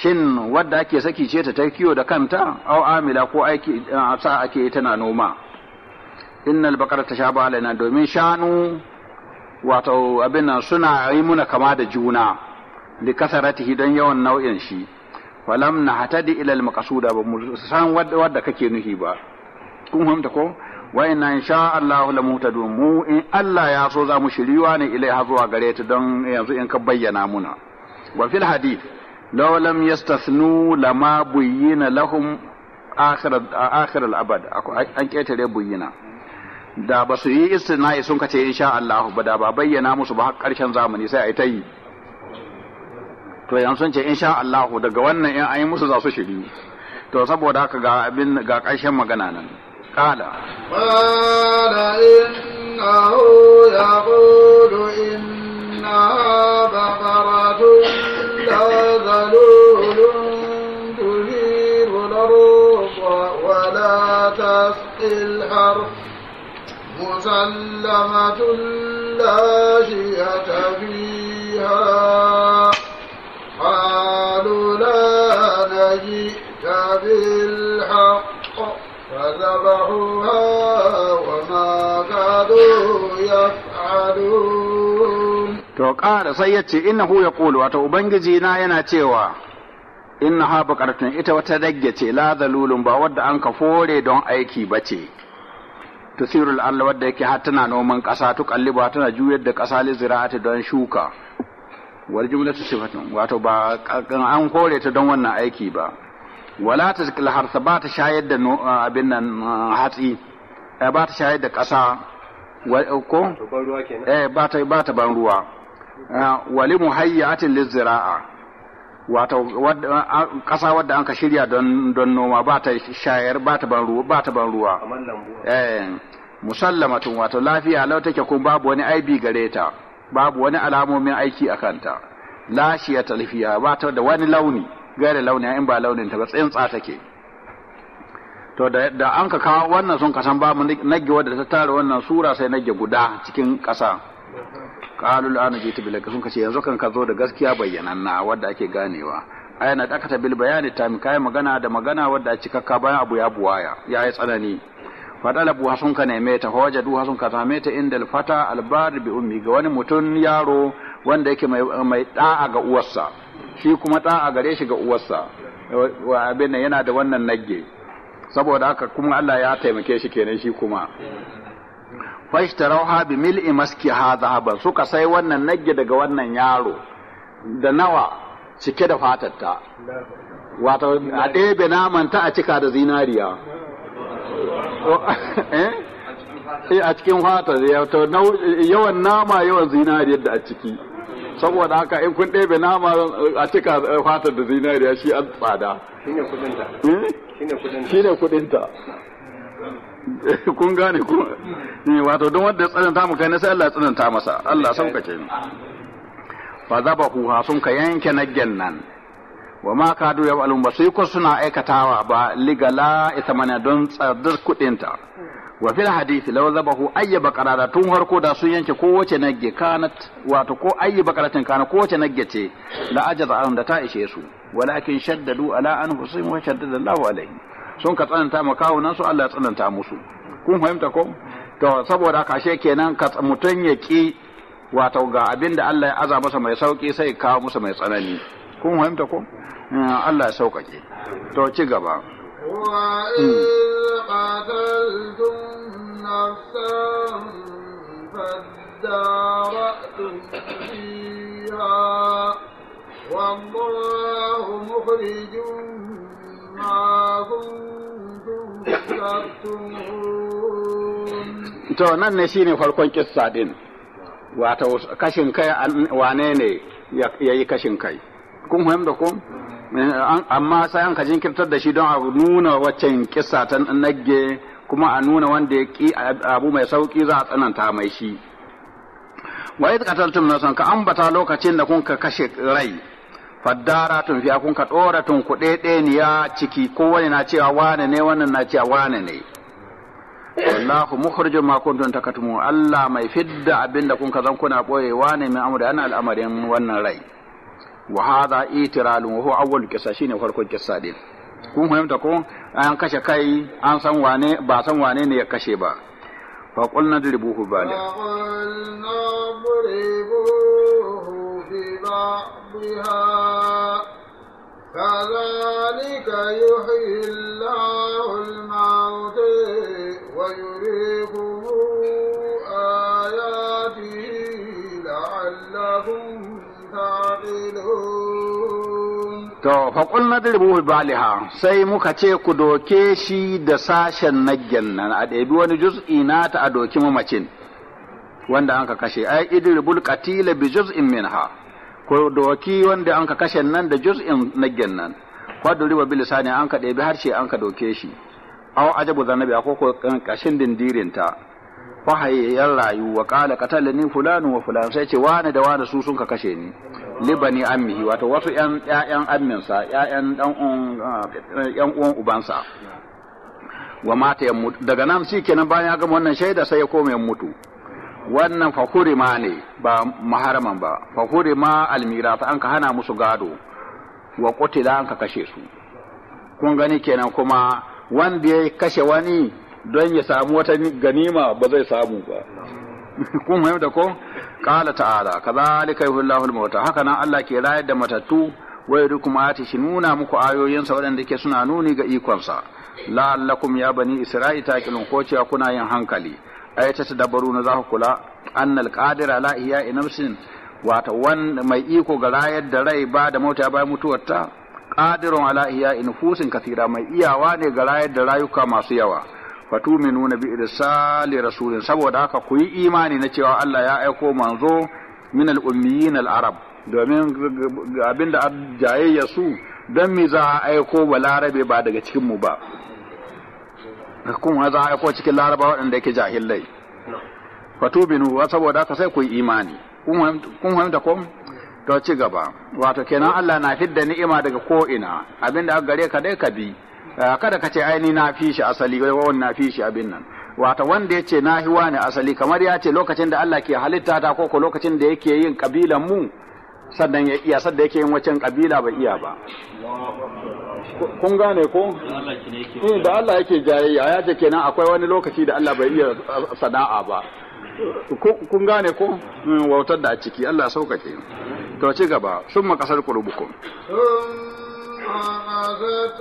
shin wadda ake saki ce ta ta kiwo da kanta au amila ko aiki sa ake tana noma innal baqara tashaba alaina domin shanu wato abin suna yi muna kama da juna li kasaratihi don yawan nau'in shi falam na hatadi ila al maqsuda ba mu san wadda wadda kake nuhi ba kun hamta ko wa inna insha Allah la mutadu mu in Allah ya so za mu shiriwa ne ilai zuwa gare ta don yanzu in ka bayyana muna wa fil hadith law lam yastathnu lama buyyina lahum akhir al-abad an ketare buyyina da ba su yi istina'i sun kace insha Allah ba da ba bayyana musu ba har karshen zamani sai a yi ta yi to yanzu sun ce insha Allahu. daga wannan in an yi musu za su shiri to saboda haka ga abin ga karshen magana nan qala qala innahu yaqulu inna بقرة لا ذلول تثير الأرض ولا تسقي الحرث مسلمة لا شيئة فيها قالوا لا نجئت بالحق فذبحوها وما كادوا يفعلون to ƙara sai ya ce ina huya ƙulu wata ubangiji na yana cewa ina ha buƙartun ita wata dagge ce la zalulun ba wadda an ka fore don aiki ba ce tusirul allah wadda yake har tana noman ƙasa tuƙalliba tana juyar da ƙasa lizira'ati don shuka wal jumlatu sifatun wato ba an kore ta don wannan aiki ba wala tazkil harsa ba ta shayar da abin nan hatsi eh, ba ta shayar da ƙasa ko eh, ba ta ban ruwa Eh, wali muhayyatin lizira'a wato ƙasa wadda an ka shirya don noma ba ta shayar ba ta ban ruwa eh, musallamatun wato lafiya lau take kun babu wani aibi gare ta babu wani alamomin aiki a kanta lashiya talfiya ba ta da wani launi gare launi in ba launin ta ba tsintsa take to da an ka kawo wannan sun kasan babu nage wadda ta tara wannan sura sai nage guda cikin ƙasa qalu ana jita bil sun kace yanzu kan ka zo da gaskiya bayyananna wanda ake ganewa na dakata bil bayani mi kai magana da magana wanda a cikakka bayan abu ya buwaya ya yi tsanani bu hasun ka neme ta du hasun ka same ta indal fata bar bi ummi ga wani mutum yaro wanda yake mai da'a ga uwarsa shi kuma da'a gare shi ga uwarsa wa abin yana da wannan nagge saboda haka kuma Allah ya taimake shi kenan shi kuma fashtarauha bi mil'i ha zahaba suka sai wannan nagge daga wannan yaro da nawa cike da fatatta wato a ɗebe namanta a cika da zinariya eh? Eh, a cikin fata to yawan nama yawan zinariyar da a ciki saboda haka in kun ɗebe nama a cika eh, fatar da zinariya shi an tsada shine kudinta shine kudinta kun gane ku eh, wato don wanda ya tsananta mu kai na sai Allah ya tsananta masa Allah sauƙaƙe ni fa ku ha sun ka yanke naggen nan wa ma ka ya alun ba sai ko suna aikatawa ba ligala ita mana don tsadar kuɗinta wa fil hadith law zabahu ayya baqarata tun harko da sun yanke ko wace nagge kanat wato ko ayya baqaratin kana ko wace nagge ce la ajaza da ta ishe su walakin shaddadu ala anfusihim wa shaddada Allahu alaihi sun ka tsananta ma kawunan su Allah ya tsananta musu kun fahimta ko to saboda kashe kenan ka mutum ya ki wato ga abin da Allah ya aza masa mai sauki sai kawo musu mai tsanani kun fahimta ko mm, Allah ya sauƙaƙe to ci gaba وَاللَّهُ مُخْرِجٌ ما كنتم تكتمون to nan ne ne farkon kisa din wata kashin kai wane ne ya yi kashin kai kun fahimta ko eh, amma sai an ka jinkirtar da shi don a nuna waccan kissa ta nagge kuma a nuna wanda ya ki abu mai sauki za a tsananta mai shi wa idh tun nasan ka ambata lokacin da kun ka kashe rai faddara tun fiya kun ka ɗora tun ya ciki kowane na cewa wane ne wannan na cewa wane ne wallahu mukhrijun ma kuntum takatumu Allah mai fidda abinda kun ka zan kuna boyewa wane min amuri ana al'amarin wannan rai wa hadha itiralun wa huwa awwal kisa shine farkon kisa din kun fahimta ko an kashe kai an san wane ba san wane ne ya kashe ba fa qulna dribuhu balik qulna ببعضها كذلك يحيي الله الموت ويريكم آياته لعلكم تعقلون To, faƙul na dirbu baliha sai muka ce ku doke shi da sashen naggen nan a ɗabi wani juz'i na ta a doki mamacin wanda an ka kashe, ai idribul qatila bi juz'in minha. ko wanda an ka kashe nan da juz'in nagen nan kwaduri wa bilisani an ka ɗebi harshe an ka doke shi aw ajabu zanabi ko ko kashin dindirin ta fahayyar rayu wa qala qatalani fulanu wa fulan sai ce wane da wane su sun ka kashe ni libani ammihi wato wasu yan ƴaƴan amminsa ƴaƴan dan yan uwan ubansa wa mata ya mutu daga nan shi kenan bayan ya gama wannan shaida sai ya koma ya mutu wannan fahurima ne ba maharaman ba fahurima ta an ka hana musu gado wa kutila an ka kashe su kun gani kenan kuma wanda ya kashe wani don ya samu wata ganima ba zai samu ba kun fahimta da ko qala ta'ala kadhalika yuhillahu al-mauta haka nan Allah ke rayar da matattu wa yurikum ayati shi nuna muku ayoyinsa waɗanda ke suna nuni ga ikonsa la'allakum ya bani isra'ila ta ko kuna yin hankali ai ta tadabbaru na za kula annal qadir ala iya nafsin wata wanda mai iko ga rayar da rai ba da mota bayan mutuwarta qadirun ala iya nufusin kasira mai iyawa ne ga rayar da rayuka masu yawa fatuminuna bi irsali rasulin saboda haka ku yi imani na cewa Allah ya aiko manzo min al-ummiyin al-arab domin abinda jayayya su don me za a aiko balarabe ba daga cikin mu ba kun za a aiko cikin laraba waɗanda yake jahilai fatu binu saboda haka sai ku yi imani kun da kom to ci gaba wato kenan Allah na fidda ni'ima daga ko ina abinda aka gare ka dai ka bi ah, kada ka ce ai ni na fi shi asali wannan na fi shi abin nan wato wanda ya ce na hiwa ne asali kamar ya ce lokacin da Allah ke halitta ta ko ko lokacin da yake yin kabilan mu sannan ya iya sadda yake yin wacin kabila ba iya ba kun gane ko da eh, Allah yake jayayya ya ce kenan akwai wani lokaci da Allah bai iya uh, sana'a ba kun gane ko hmm, wautar da a ciki Allah saukake to ci gaba sun makasar qulubukum عمدت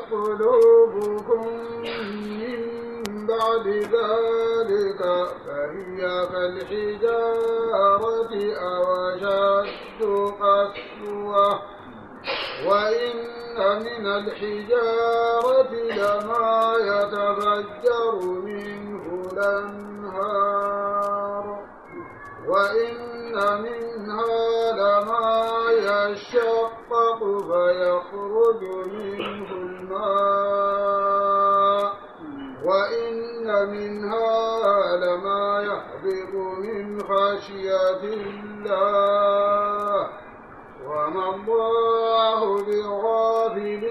بعد ذلك فهي كالحجارة أو أشد قسوة وإن من الحجارة لما يتفجر منه الأنهار وإن منها لما يشقق فيخرج منه الماء وإن منها لما يحبط من خشية الله وما الله بغافل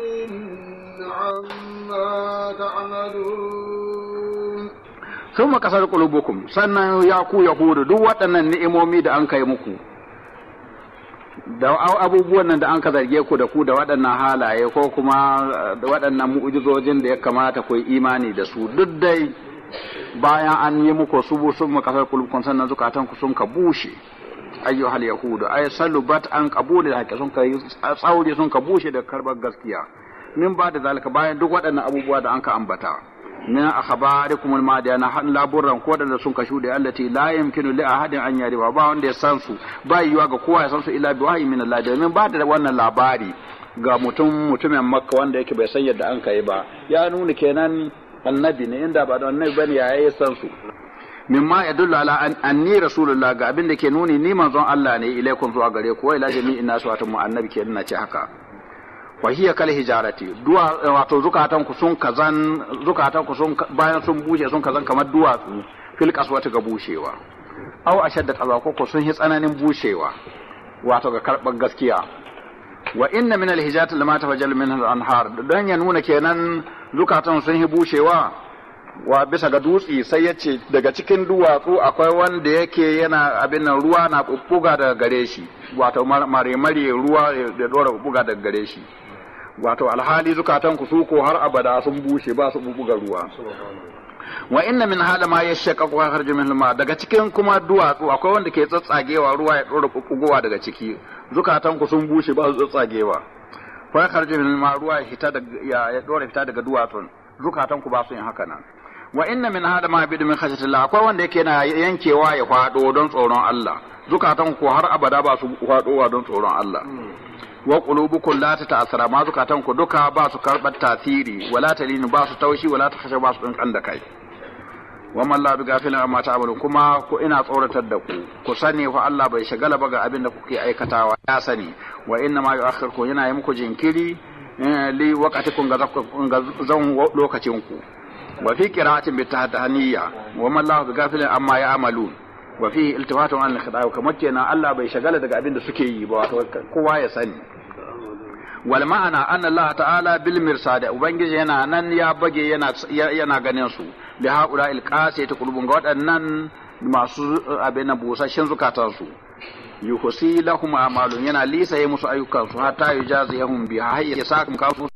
عما تعملون ثم كسر قلوبكم سنة يعقو يقول دوة أن النئمومي دا أنك يمكو da abubuwan nan da an ka zarge ku da ku da waɗannan halaye ko kuma da waɗannan mu'ujizojin da ya kamata ku yi imani da su duk dai bayan an yi muku su sun mu ƙasar kulubkun sannan zukatan ku sun ka bushe ayyuhal yahudu ay salubat an qabuli haqqi sun ka tsauri sun ka bushe da karbar gaskiya min ba da zalika bayan duk waɗannan abubuwa da an ka ambata min akhbarikum al-madiya na han laburan ko da sun kashu da allati la yumkinu li ahadin an yari ba wanda ya san su ba yiwa ga kowa ya san su illa bi wahyi min Allah min ba da wannan labari ga mutum mutumin makka wanda yake bai san yadda an kai ba ya nuna kenan annabi ne inda ba da annabi bane ya san su mimma yadullu ala anni rasulullah ga abin da ke nuni ni manzon Allah ne ilaikum zuwa gare ku wa ila jami'in nasu wato mu annabi ke nuna ce haka wa hiya kal hijarati duwa wato zukatan ku sun kazan zukatan ku sun bayan sun bushe sun kazan kamar duwatsu fil qaswati ga bushewa aw ashadda tazakoko sun yi tsananin bushewa wato ga karban gaskiya wa inna min al hijarati lamata tafajjal min al anhar dan ya nuna kenan zukatan sun yi bushewa wa bisa ga dutse sai ya ce daga cikin duwatsu akwai wanda yake yana abin nan ruwa na buga daga gare shi wato mare-mare ruwa da dora buga daga gare shi wato alhali zukatan ku suko har abada sun bushe ba su buga ruwa wa inna min hada ma yashaqqaqu kharju min ma daga cikin kuma duwatsu akwai wanda ke tsatsagewa ruwa ya dora bubbugowa daga ciki zukatan ku sun bushe ba su tsatsagewa fa kharju min ma ruwa ya fita daga ya dora fita daga duwatsun zukatan ku ba su yin haka nan wa inna min hada ma bidu min akwai wanda yake yana yankewa ya fado don tsoron Allah zukatan ku har abada ba su fadowa don tsoron Allah wa qulubukum la tata'assara ma zukatan ku duka ba su karbar tasiri wala talinu ba su taushi wala takhasha ba su dinkan da kai wa man la bi gafilin amma ta'malun kuma ku ina tsoratar da ku ku sani fa Allah bai shagala ba ga abin da kuke aikatawa ya sani wa inna ma yu'akhirku yana yi muku jinkiri eh, li waqatikum ga zan lokacin ku wa fi qira'atin bi tahdaniya wa man lahu ghafilin amma ya'malun wa fi iltifatun an al-khita'i kamar kenan Allah bai shagala daga abin da suke yi ba wato kowa ya sani wal ma'ana anna Allah ta'ala bil mirsad ubangiji yana nan ya bage yana yana ganin su li haula il qasiyati qulubun ga waɗannan masu eh, abin na busashin zukatan su yuhsi lahum amalun yana lisaye musu ayyukan su hatta yujazihum biha hayya sakum kafu